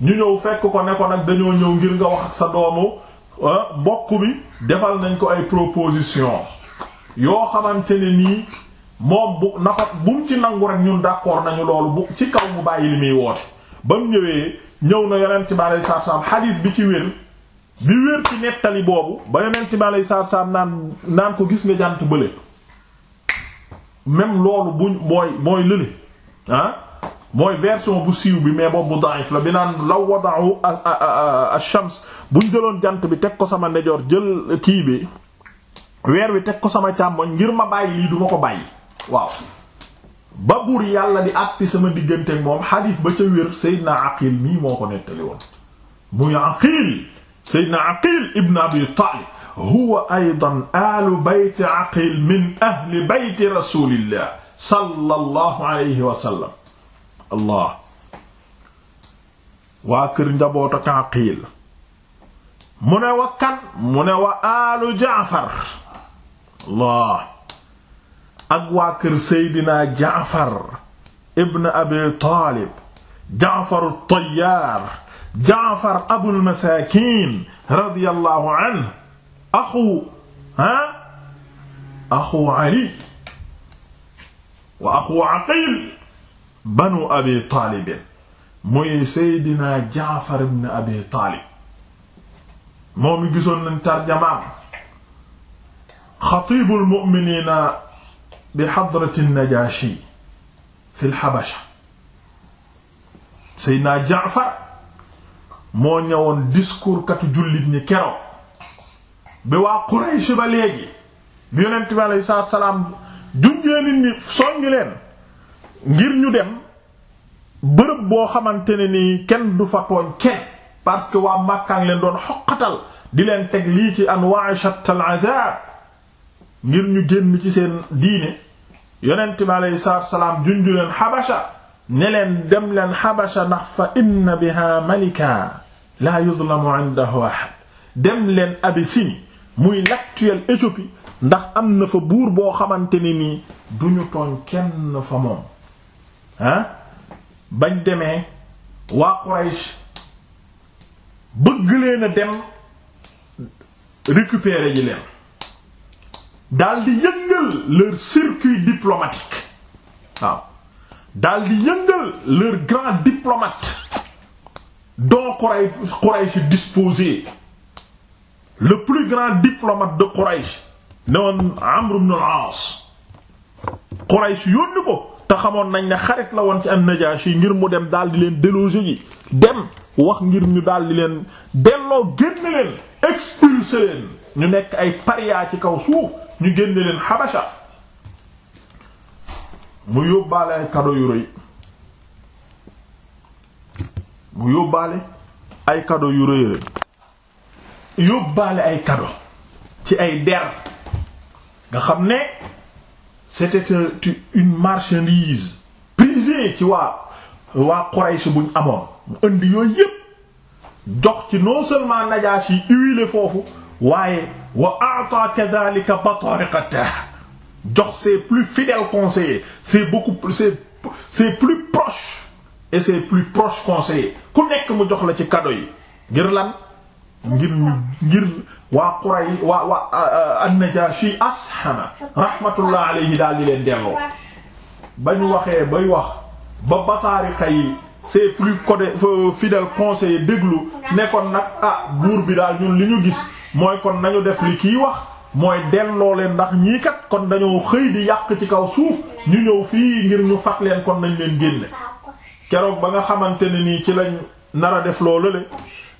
ñu ñëw fekk ko ne ko nag dañoo ñëw ngir nga wax ak sa doomu ah, bokk bi defal nañ ko ay proposition yoo xamante ne nii moom bu na ko bu ci nangu rek ñun d'accord nañu loolu ci kaw mu bàyyi li muy woote ba ñëwee ñëw na yonent bi aleyhi salaatu xadiis bi ci wér bi wér ci nettali boobu ba yonent bi aleyhi salaatu naan naan ko gis nga jànt bële même loolu buñ mooy mooy lële ah mooy version bu siiw bi mais boobu bu la bi naan law wada'u ash-shams buñ jëloon jant bi teg ko sama ndejoor jël kii bi weer wi teg ko sama càmmoñ ngir ma bàyyi lii duma ko bàyyi waaw ba buur yàlla di àtti sama diggante moom xadiis ba ca wér Seydina Aqil mii moo ko nettali woon muy Aqil Seydina Aqil ibn Abi Taalib huwa aydan aalu bayti Aqil min ahli bayti rasulillah allah waa kër njabootu Aqil mu wa kan mu wa aalu Jaafar allah ak waa kër Seydina Jaafar ibn Abi Taalib Jaafaru Tayyaar Jaafar Abul Masaakiin radiyallahu anhu axu ah axu Ali wa axu Aqiil banu Abi Taalib muy Seydina Jaafar ibn Abi Taalib moom mi gisoon nañ tarjamaam xatiibul mu'miniina bi xadrati najashi fi lxabasha seydna jaafar moo ñëwoon discours katu jullit ñi keroog bi waa Quraysh ba léegi junjee nit ñi leen ngir ñu dem bërëb boo xamante ne nii kenn du fa tooñ kenn parce que waa Makka leen doon xoqatal di leen teg lii ci anwaa shattal azaab ngir ñu génn ci seen diine yonent bi aleyhi salaatu salaam junju leen xabasha ne leen dem leen xabasha ndax fa inna biha malika laa yuzlamu indahu ahad dem leen Abyssinie muy l'actuelle Éthiopie ndax am na fa buur boo xamante ne nii du ñu tooñ kenn fa moom ah bañ demee waa Quraysh bëgg leen dem récupérer ji leen daal di yëngal leur di yëngal leur grand diplomate dont Quraysh Quraysh disposait le plus grand diplomate de Quraysh ne woon Amr ibn al-As Quraysh ko te xamoon nañ ne xarit la woon ci an yi ngir mu dem daal di leen déloger ji dem wax ngir ñu daal di leen delloo génn leen expulser leen ñu nekk ay paria ci kaw suuf ñu génne leen xabasha mu yóbbaale ay kado yu rëy mu yóbbaale ay kado yu rëy rëy ay kado ci ay der nga xam ne c'était une marchandise prisée ci waa waa Quraysh buñ amoon mu indi yooyu yépp jox ci non seulement Najaashi yi huilé foofu waaye wa a'ta kadhalika batariqata jox ses plus fidèles conseillers ses beaucoup plus ses ses plus proches et ses plus proches conseillers ku nekk mu jox la ci cadeau yi ngir lan ngir ñu ngir waa Quraysh waa waa euh, an-Najashi ashana rahmatullah alayhi daal di leen delloo ba ñu waxee bay wax ba batariqa yi ses plus code fidèles conseillers déglu nekkoon nag ah buur bi daal ñun li ñu gis mooy kon nañu def li kii wax mooy delloo leen ndax ñii kat kon dañoo xëy di yàq ci kaw suuf ñu ñëw fii ngir ñu fat leen kon nañ leen génne keroog ba nga xamante ne nii ci lañ nar def loolu le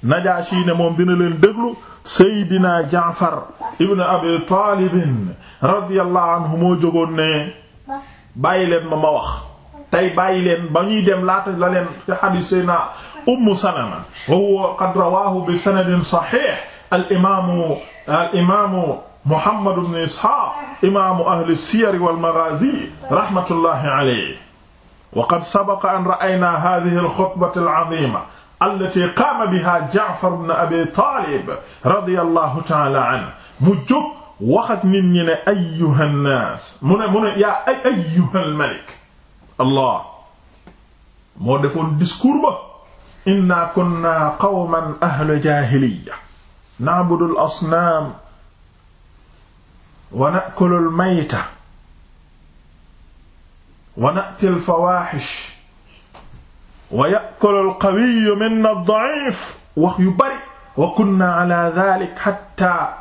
Najaashi ne moom dina leen déglu Seydina Jaafar ibn Abi Taalib radiyallahu anhu moo jógoon ne bàyyi leen ma ma wax tey bàyyi leen ba ñuy dem laata la leen ci xadiis Seydina Ummu Salama wa huwa qad rawahu bi sanadin sahih al imaamu al imaamu Muhammad ibn Ishaaq imaamu ahli siyar wal maghaazi rahmatullahi alayhi wa qad sabaqa an ra'aynaa haadhihi al xutbata al aziima allatii qaama bihaa Ja'far ibn Abi Taalib radiyallahu ta'aala anhu mu jóg wax ak nit ñi ne ayyuhan naas mu ne mu ne yaa ay ayyuhal malik allah moo defoon discours ba innaa kunnaa qawman ahla jaahiliyya na'budul asnaam wa na'kulul mayta wa na'til fawaahish wa ya'kulul qawiyyu minna ad-da'if wax yu bari wa kunna ala dhaalika hattaa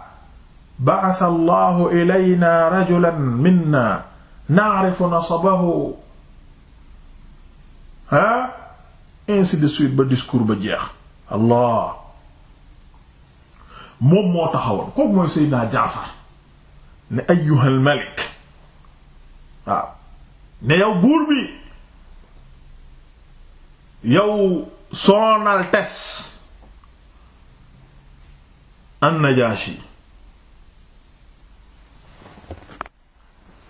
ba'atha Allahu ilaynaa rajulan minnaa na'rifu nasabahu ah ainsi de suite ba discours ba jeex Allah moom moo taxawoon kooku mooy Seydina Jaafar ne ayyuhal malik waaw ne yow buur bi yow Son Altesse an-Najashi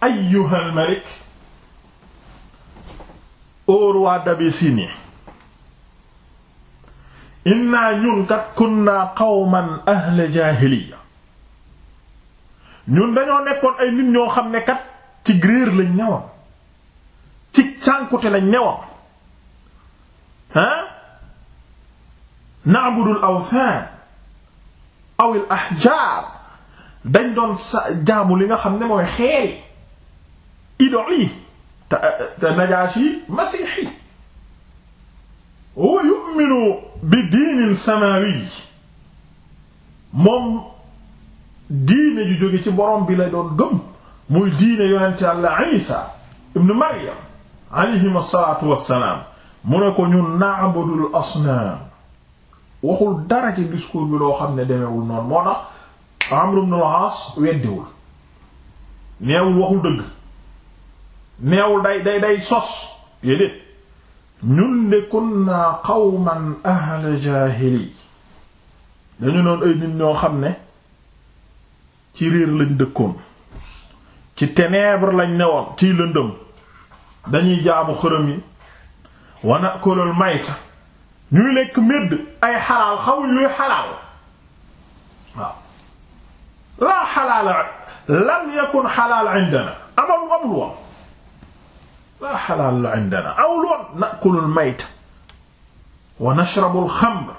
ayyuhal malik au roi d'Abyssinie innaa ñun kat kunnaa qawman ahla jaahiliya ñun dañoo nekkoon ay nit ñoo xam ne kat ci gréer lañ ñëwoon ci cànkute lañ ñëwoon ah na'budul awthan awil ahjaar dañ doon sa jaamu li nga xam ne mooy xeeri idol yi te te Najaashi masiix yi wa yu'minu bi diinin samawi moom diine ju jóge ci borom bi la doon gëm muy diine yonent Yàlla Isa ibn Maryam alayhim asalaatu wassalaam mu ne ko ñun na'budul asnaam waxul dara ci discours bi loo xam ne demewul noonu moo tax Amr ibn al weddiwul neewul waxul dëgg neewul day day day sos yédéet ñun de kunna qawman ahla jaahili dañu noon ay nit ñoo xam ne ci réer lañ dëkkoon ci ténèbre lañ newoon ciy lëndëm dañuy jaamu xërëm yi wa nakulul mayta ñuy lekk médd ay xalaal xawuñ luy xalaal waaw laa xalaala lam yakun xalaal indana amam amul woon laa xalaal indana aw loon nakulul mayta wa nashrabul xamr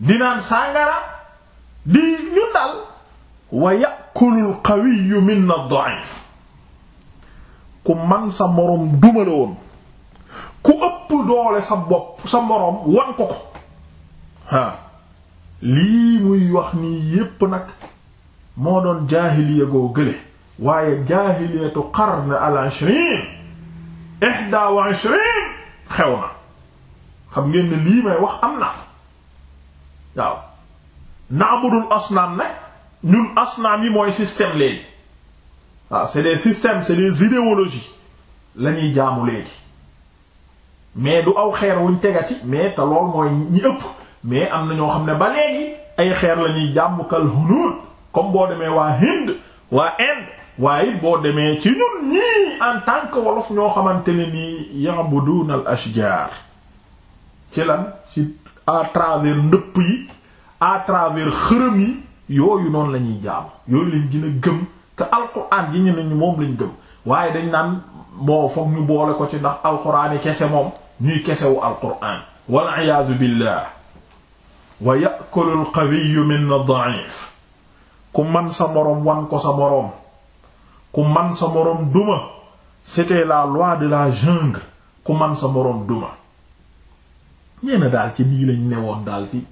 dinaan sàngara di ñun daal wa yakulul qawiyu minna ad-da'if ku man sa moroom dumala woon ku ëpp doole sa bopp sa moroom wan ko ko lii muy wax nii yépp nag moo doon jaahiliya goo gële waaye jaahiliyatu qarn al-ishrin ihda xew na xam ngeen ne lii may wax am na waaw na'budul asnaam nag ñun asnaam yi mooy système léegi waaw c'est des systèmes c'est des idéologies la ñuy jaamu léegi mais du aw xeer wuñ tegati mais te lool mooy ñi ëpp mais am na ñoo xam ne ba léegi ay xeer lañuy ñuy kal hunut comme boo demee waa Hind waa Inde waaye boo demee ci ñun ñii en tant que wolof ñoo xamante ne nii ya'buduna al ashjar ci lan ci à travers ndëpp yi à travers xërëm yi yooyu noonu lañuy ñuy jaamu yooyu lañ gën a gëm te alquran yi ñu ne ñu moom lañ gëm waaye dañ naan moo foog ñu boole ko ci ndax alquran yi kese moom ñuy kesewu alquran. wal iyaadu billah wa ya'kulu al qawiyyu ku man sa moroom wan ko sa moroom. ku man sa moroom duma c'était la loi de la jungle ku man sa moroom duma ñeena daal ci lii lañ newoon daal ci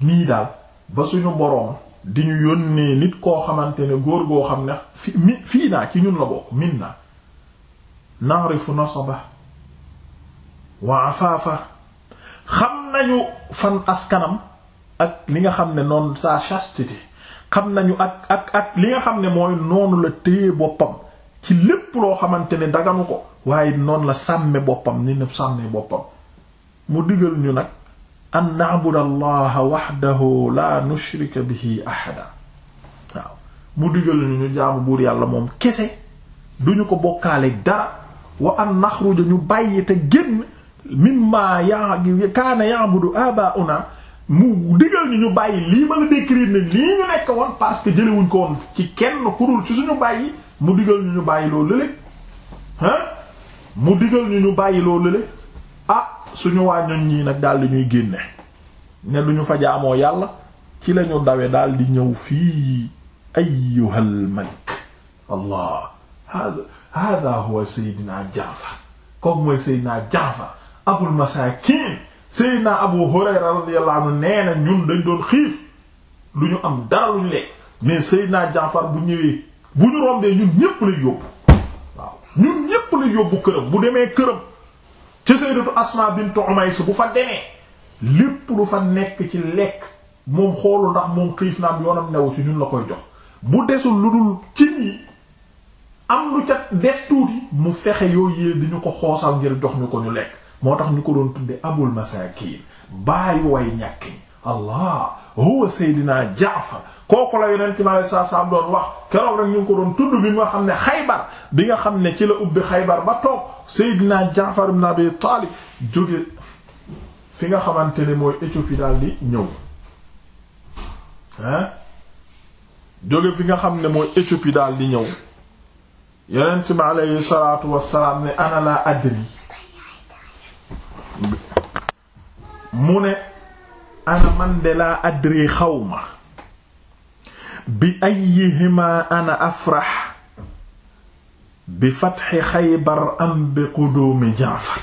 lii daal ba suñu boroom di ñu yónnee nit koo xamante ne góor goo xam ne fii naa ci ñun la bokk min na na'rifu nasaba wa afaafa xam nañu fan askanam ak li nga xam ne noon sa chasteté xam nañu ak ak ak li nga xam ne mooy noonu la téye boppam ci lépp loo xamante ne daganu ko waaye noonu la sàmme boppam ni ne sàmme boppam mu digal ñu nag an na'budu allaha wahdahu la nushrika bihi ahada waaw mu digal ñu ñu jaamu buur yàlla moom kese duñu ko bokkaaleeg dara wa an naxruja ñu bàyyi te génn mimma ya kaana ya'budu aba'una mu digal ni ñu bàyyi lii ma la décrire ne lii ñu nekk woon parce que jëlewuñ ko woon ci kenn ku dul ci suñu bàyyi mu digal ñu ñu bàyyi loo lële ah mu digal ñu ñu bàyyi loo lële ah suñu waañoon ñii nag daal ñuy génne ne lu ñu fa jaamoo yàlla ci lañu dawe daal di ñëw fii ayyuhal malik allah hada hada huwa sayyidina jaafar kooku mooy sayyidina jaafar abul masakin Seydina Abu Hurayra radiyallahu anhu nee na ñun dañ doon xiif lu ñu am dara lu ñu lekk mais Seydina Jaafar bu ñëwee bu ñu rombee ñun ñépp la yóbbu waaw ñun ñépp la yóbbu këram bu demee këram ca Sayyidatu Asma bint Umays bu fa demee lépp lu fa nekk ci lekk moom xoolu ndax moom xiif na am yoonam newu ci ñun la koy jox bu desul lu dul cin yi am lu ca des tuuti mu fexe yooyu yee di ko xoosal ngir jox ñu ko ñu lekk moo tax ñu ko doon tudde abul masakin baayu way ñàkk allah huwa seydina jaafar kooku la yonent mi alayhi salaatu salaam doon wax keroog rek ñu ngi ko doon tudd bi nga xam ne xaybar bi nga xam ne ci la ubbi xaybar ba toog seydina jaafar ibn abi taalib jóge fi nga xamante ne mooy Éthiopie daal di ñëw ah jóge fi nga xam ne mooy Éthiopie daal di ñëw yonent mi alayhi salaatu wassalaam ne ana laa adri mu ne ana man de laa adri xawma bi ayyihima ana afrax bi fatxi xaybar am bi quduumi jaafar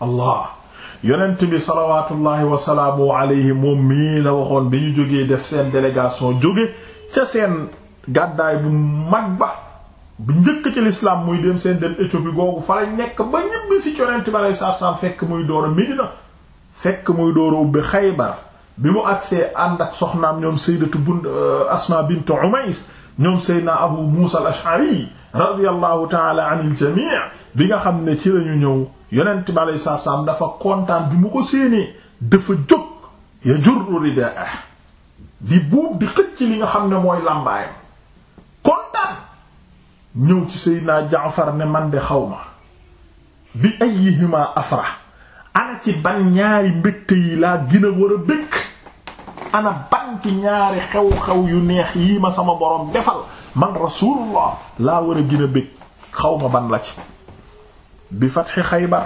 allah yonent bi salawatullahi wasalaamu alayhi moom mii la waxoon bi ñu jógee def seen délégation jóge ca seen gàddaay bu mag ba bu njëkk ci lislaam muy dem seen dem Éthiopie googu fa la nekk ba ñibbi si yonent bi alayhi salaam fekk muy door a Medina fekk muy dooru ubbi Xaybar bi mu agsee ànd ak soxnaam ñoom sayyidatu bun euh, Asma bint Umays ñoom sayyidna Abu Musa al-Ash'ari radiyallahu ta'ala anil jami' bi nga xam ne ci lañu ñëw yonent bi alayhi salaatu dafa kontaan bi mu ko séenee dafa jóg ya jurru ridaa di buub di xëcc li nga xam ne mooy làmbaayam kontaan ñëw ci sayyidna Jaafar ne man di xaw ma bi ayyihima afrah ana ci ban ñaari mbégte yi laa gën a war a bëgg ana ban ci ñaari xew-xew yu neex yii ma sama boroom defal man rasulullah laa war a gën a xaw ma ban la ci bi fatxi xaybar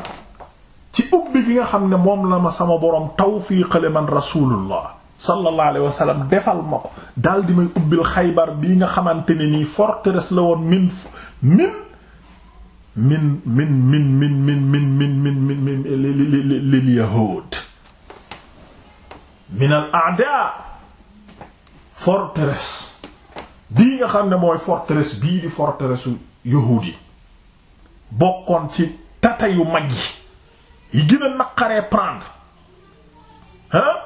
ci ubbi gi nga xam ne moom la ma sama borom tawfiqale man rasulullah sallallahu alayhi wa sallam defal ma ko daal di may ubbil xaybar bii nga xamante ni nii forteresse la woon min min min min min min min min min min min min lil en min al a'daa bii nga xam ne mooy forteresse bii di forteresse u yahuud yi bokkoon ci tata yu mag yi yi gën naqaree prendre hein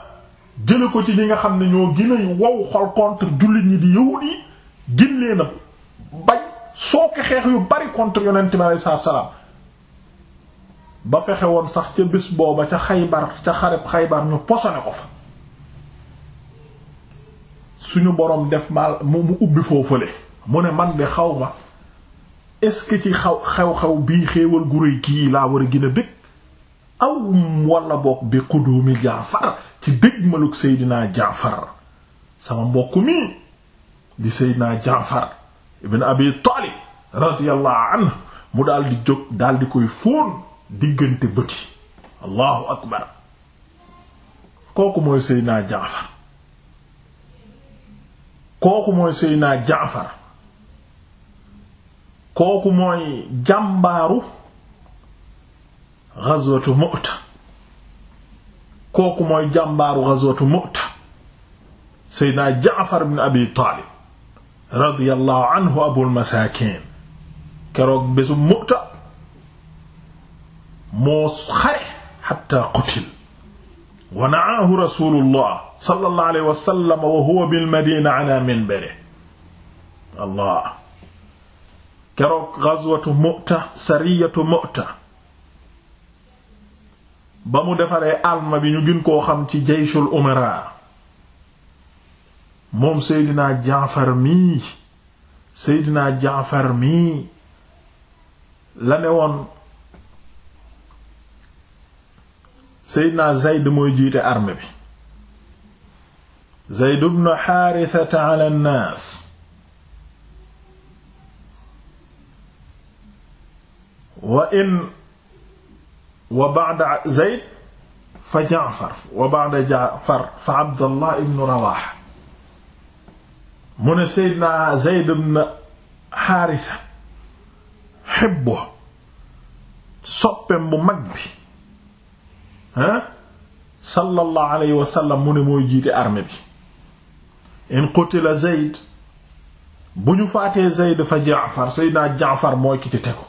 jële ko ci ñi nga xam ne ñoo gën a wow xol contre jullit ñi di yahuud yi gin leen a bañ sooke xeex yu bari contre yonent bi aleyhi salaatu ba fexe woon sax ca bés booba ca xaybar ca xareb xaybar ñu posone ko fa suñu boroom def mal mu mu ubbi foofale mu ne man de xaw ma est-ce que ci xaw xew-xew bii xéewal gu réy kii laa war a gën a bëgg aw wala bokk bi qudumi jaafar ci dëgg maluk seydinaa jaafar sama mbokk mi di seydinaa jaafar ibn abi talib radiyallahu anhu mu daldi di jóg daal koy fóon diggante bëti allahu akbar kooku mooy Seydina Jaafar kooku mooy Seydina ghazwatu Mu'ta kooku mooy jàmbaaru ghazwatu Mu'ta Seydina Jaafar ibn Abi Taalib radiyallahu anhu abul masaakin keroog bésu Mu'ta moo xare hatta qutil wa na'aahu rasulullah sallallahu alayhi wa sallam wa huwa bil madina ala minbari allah keroog ghazwatu Mu'ta sariyatu Mu'ta ba mu defaree alma bi ñu gën koo xam ci jayshul umara moom Seydina Jaafar mii Seydina Jaafar mii la ne woon Seydina Zayd mooy jiite armée bi Zayd ibn Haarithata ala nnaas wa in wa ba'da Zayd fa Jaafar wa ba'da Jaafar fa Abdallah ibn Rawaaha mu ne Seydina Zayd ibn Haaritha uhibbu soppeem bu mag bi ah sallallahu alayhi wa sallam mu ne mooy jiite armée bi in qutila Zayd bu ñu faatee Zayd fa Jaafar Seydina Jaafar mooy ki ci tegu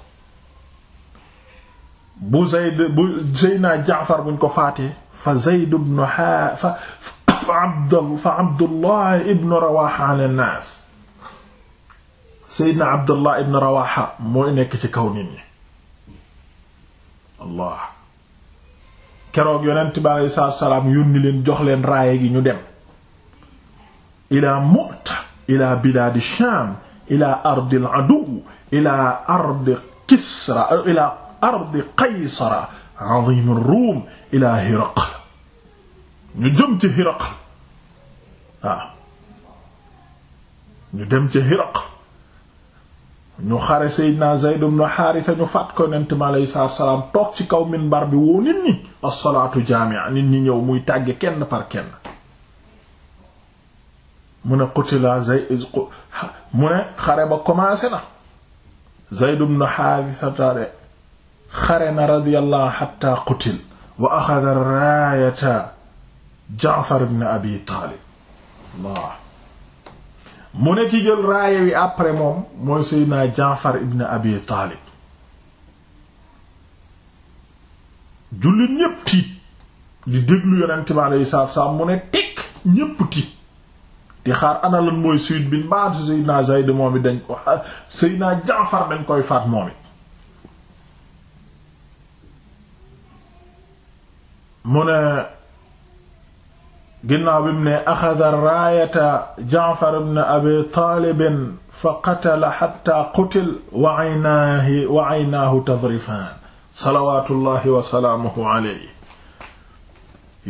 bu Zayd bu Seydina Jaafar buñ ko faatee fa Zayd ibn ha fa fa Abdullah ibn Rawaha ala naas seydna abdullah ibn rawaxa mooy nekk ci kaw nit ñi allah keroog yonent bi alei salatuasalaam yónni leen jox leen raaye gi ñu dem ila mu'ta ila bilaadi sham ila ardi al adu ila ardi kisra ila ardi qaysara azim ruum ila hiraql ñu jëm ci hiraql waaw ñu dem ci hiraql ñu xare Seydina Zayd ibn Haarisa ñu faat ko Yonent mi alayhi salaatu wa salaam toog ci kaw minbar bi woo nit ñi as muy tàgge kenn par kenn mu ne qutila Zayd mu ne xare ba commencé na Zayd ibn Haarisa tare xare qutil wa axada raayata Jaafar Abi Taalib mu ne ki jël raaya wi après moom mooy seydina jaafar ibn abi taalib jullit ñépp tiit di déglu yonent bi alayhi salaatu salaam mu ne tekk ñépp tiit di xaar ana mooy suite bi mbaatu seydina zayd moom it dañ ko seydina jaafar dañ koy faat moom it mu ne ginnaaw bi mu ne axada raayata jaafar ibn abi taalibin fa qatala xatta qutil wa aynaahi wa aynaahu wa salaamuhu alayhi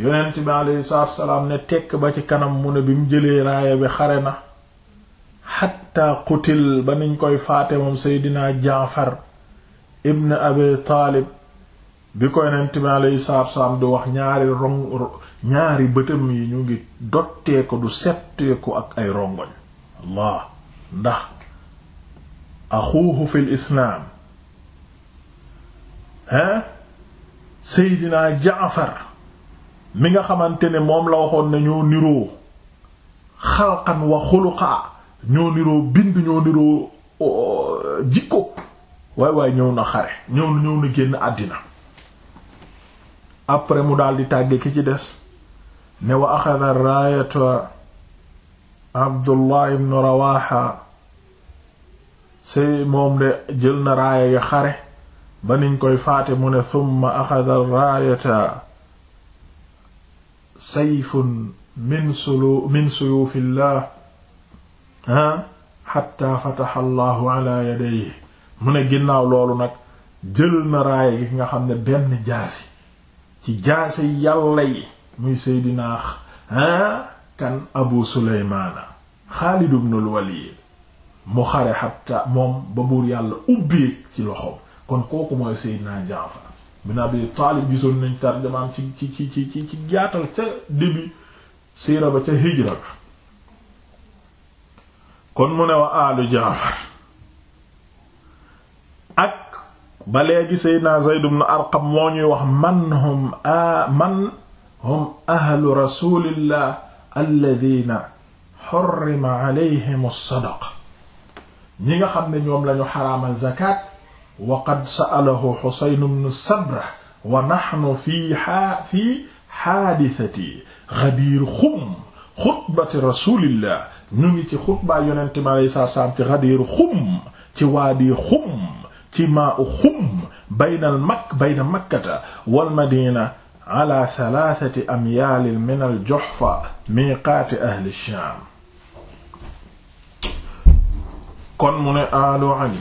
yonent bi alayhi salaatu ne tekk ba ci kanam mu ne bi mu jëlee raaya bi xare na xatta qutil ba niñ koy faate moom seydinaa jaafar ibn abi taalib bi ko yonent bi alayhi salaatu di wax ñaari rong ñaari bëtam yi ñu ngi dottee ko du settee ko ak ay rongoñ allah ndax axuuhu fil islaam hein seydinaa jaafar mi nga xamante ne moom la waxoon ne ñoo niroo xalqan wa xuluqaa ñoo niroo bind ñoo niroo jikko waay waay ñëw na xare ñëw na ñëw na génn àddina après mu daal di tàgge ki ci des ne wa axada raayata abdullah ibnu rawaxa say moom de jël na raaya xare ba niñ koy faate mu ne summa axada raayata sayfun min sulu min suyuufillah ha xatta fataxa allahu ala yadayhi mu ne ginnaaw loolu nag jël na gi nga xam ne benn jaasi ci jaasi yàlla muy seydinaa kan abu suleymaana xaalid ibnul walid mu xare xatta moom ba buur yàlla ubbeeg ci loxoom kon kooku mooy seydinaa jaafar bin abi taalib gisoon nañ tarjamaam ci ci ci ci ci ca début siira ba ca hijra ba kon mu ne wa aalu jaafar ak ba léegi seydinaa zayd ibn arqam moo ñuy wax man hum a ah, man hum ahlu rasulillah alladina xorrima alayhim as-sadaqa ñi nga xam ne ñoom lañu xaraamal zakat wa qad sa'alahu Husayn ibn Sabra wa nahnu fii aa fii xaadisati Ghadir Khoum xutbati rasulillah ñu ngi ci xutbaa yonente mi alayhi salaatu salaam ci Ghadir Khoum ci waadi Khoum ci maa'u Khoum bayna al-Makka bayna Makkata wal Madina ala thalathati amyaalin min al-Juhfa miiqaati ahli Shaam kon mu ne alu Ali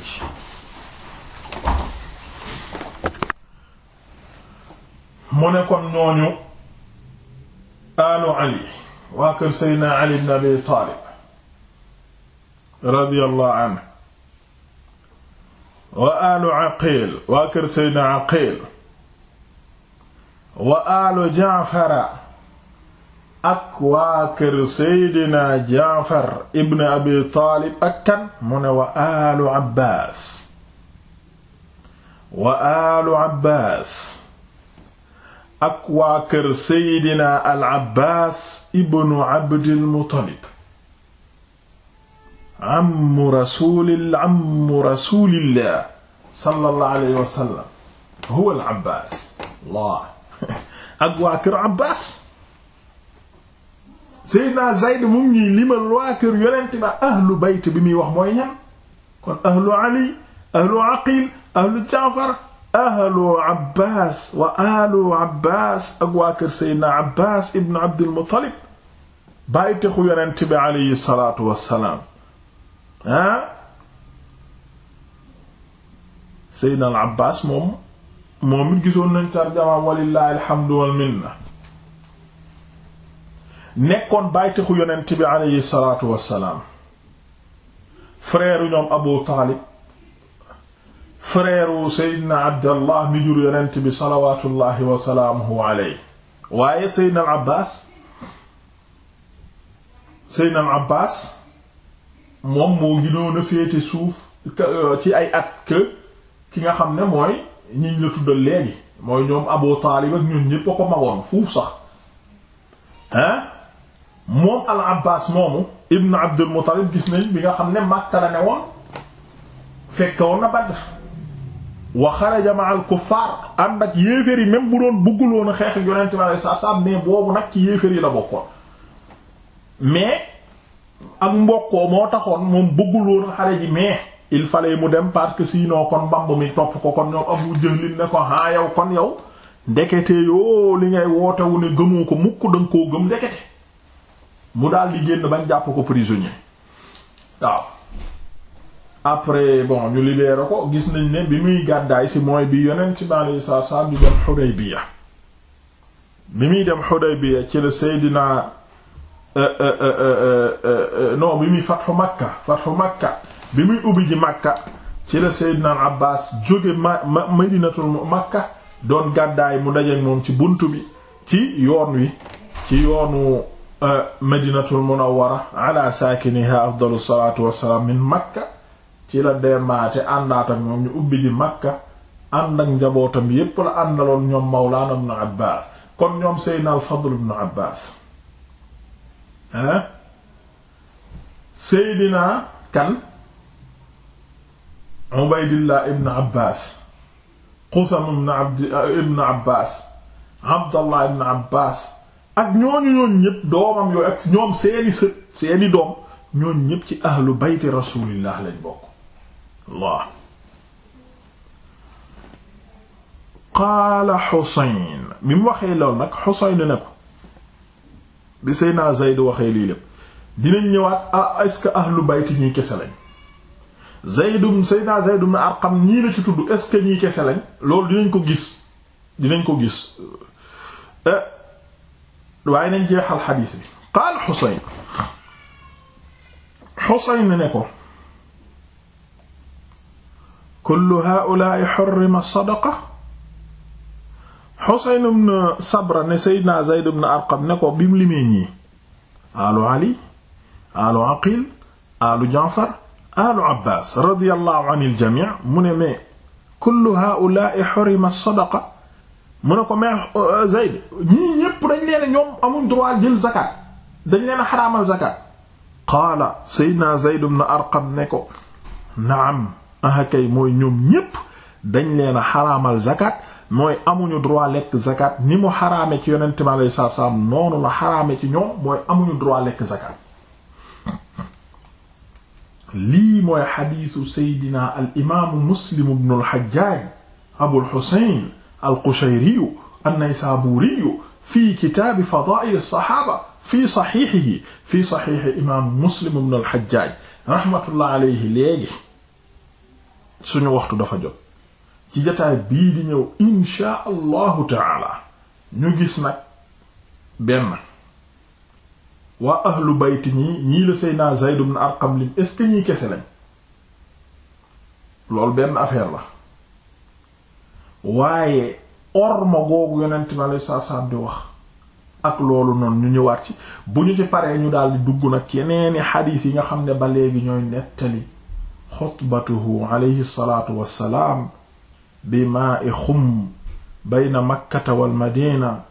mu ne kon ñooñu alu Ali waa kër Seydina Ali ibn Abi Taalib radiyallahu anhu wa alu Aqiil waa kër Seydina Aqiil wa alu jaafara ak waa kër seydina jaafar ibn abi taalib ak kan mu ne wa alu abbaas wa alu abbaas ak waa kër seydina al abbaas ibnu abdil muttalib ammu rasulil ammu rasulillah sallallahu alayhi wa sallam huwa al abbaas allah ak waa kër Abbas Seydina Zayd mu ngi ñuy limal waa kër yonent ba ahlu bayt bi muy wax mooy ñan kon ahlu Ali ahlu Aqil ahlu Jaafar ahlu Abbas wa ahlu Abbas ak waa kër Seydina Abbas ibn Abdul Muttalib bàyyi texu yonent bi alayhi salaatu wassalaam ah Seydina al Abbas moom moom it gisoon nañ tarjama walillahi alhamdu wal minna nekkoon bàytixu yonent bi aleyhi salaatu wassalaam frère ñoom Abu Taalib frère Seydina Abdallah mi yonent bi salawaatullahi wa aleyhi waaye Seydina al Abbaas Seydina al Abbaas moom moo ginoon féete suuf ci ay at ki nga xam ne mooy ñiñ la tuddal léegi mooy ñoom Abu Taalib ak ñun ñépp a ko magoon fuuf sax hein moom al Abbaas moomu ibn Abdul Muttalib gis nañ bi nga xam ne Makka la ne woon fekke woon na Badr wa xaraja ma'al kuffaar ànd ak yéeféer yi même bu doon bëggul woon a xeex ak Yonent bi boobu nag ci yéeféer yi la bokkoon mais ak mbokkoo moo taxoon moom bëggul woon a xare il fallait mu dem parce que sinon kon mbamb mi topp ko kon ñoom Abu Jahl ne ko ah yow kon yow ndekete yoo li ngay wootewu ne gëmoo ko mukk danga koo gëm ndekete mu daal di génn bañ jàpp ko prisonnier waaw après bon ñu libéré ko gis nañ ne bi muy gàddaay si mooy bi yeneen ci alayhi salaatu salaam di dem Xudaybiya bi muy dem Xudaybiya ci la Seydina euh, euh, euh, non bi muy fatxu Makka fatxu Makka bi muy ubbi ji Makka ci la Seydina al jóge Madinatul Makka doon gàddaay mu dajeek moom ci bunt bi ci yoon wi ci yoonu euh, Madinatul Munawwara ala saakiniha afdalu salaatu wassalaam min Makka ci la demaate àndaat ak moom ñu ubbi ji Makka ànd njabootam yépp la àndaloon ñoom Mawlaana ibn Abbaas kon ñoom Seydina al Fadl Abbaas ah Seydina kan Ubaydillah ibn Abbas Qutham eh, ibn Abbas Abdallah ibn Abbas ak ñooñu ñooñu ñëpp doomam yooyu ak ñoom seeni sët seeni doom ñooñu ñëpp ci ahlu bayti rasulillah lañ bokk Allah qaala Xusayn bi mu waxee lool nag Xusayn ne ko bi Seydina Zayd waxee lii lépp dinañ ñëwaat ah est-ce que ahlu bayti ñuy kese lañ zaydum sayyidna zaydum na arqam ñii la ci tudd est ce que ñii kese lañ loolu dinañ ko gis dinañ ko gis eh, waaye nañ jeexal xadiis bi qaal xusayn xusayn ne ko kullu haa'ulaa'i xurrima sadaqa xusayn ibn sabra ne sayyidna zayd ibn arqam ne ko bim limee ñii alu ali alu aqil alu jaafar alu abbas radiyallahu anil jamii mu ne mais kullu haa'ulaa'i hurima sadaqa mu ne ko mais euh, Zayd ñii ñépp dañ leen ñoom amuñ droit jël zakat dañ leen xaraamal zakat qaala sayyidina Zayd ibn Arqam ne ko naam ahakay mooy ñoom ñépp dañ leen a xaraamal zakat mooy amuñu droit lekk zakat ni mu xaraame ci yonente mi alayhi salaatu salaam noonu la xaraame ci ñoom mooy amuñu droit lekk zakat lii mooy xadiisu seydina al imaamu muslim ibn al xajjaaj abul xusayn al qushayriyu an-naysaabuuriyu fii kitaabi fadaa'il as-saxaaba fii saxiixihi fii saxiixi imaamu muslim ibn al xajjaaj rahmatullah aleyhi léegi suñu waxtu dafa jot ci jotaay bii di ñëw inshaa allahu taala ñu gis nag benn. waa ahlu bayt ñii ñii la Seydina Zayd ibn Arqam lim est ñii kese lañ loolu benn affaire la waaye orma googu yonent mi wax ak loolu noonu ñu ñëwaat ci bu ñu ci paree ñu daal di dugg nag yeneeni xadiis yi nga xam ne ba léegi ñooy nettali xutbatuhu alayhi salaatu wassalaam bi maa'i xum bayna makkata wal madina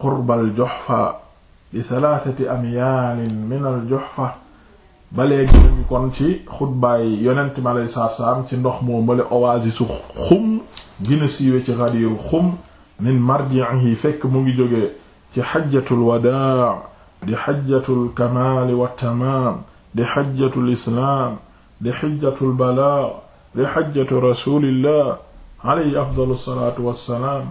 qurbal juhfa bi thalathati amyaalin min al juhfa ba léegi ñu kon ci xutbaay yonent mi alayhi salaatu salaam ci ndox moo mbale oasis su xum gina siiwe ci ghadirul xum min marji'ihi fekk mu ngi jóge ci xajjatul wadaa di xajjatul kamaali wa tamaam di xajjatul islaam di xajjatul balaag di xajjatu rasulillah alayhi afdalu salaatu wassalaam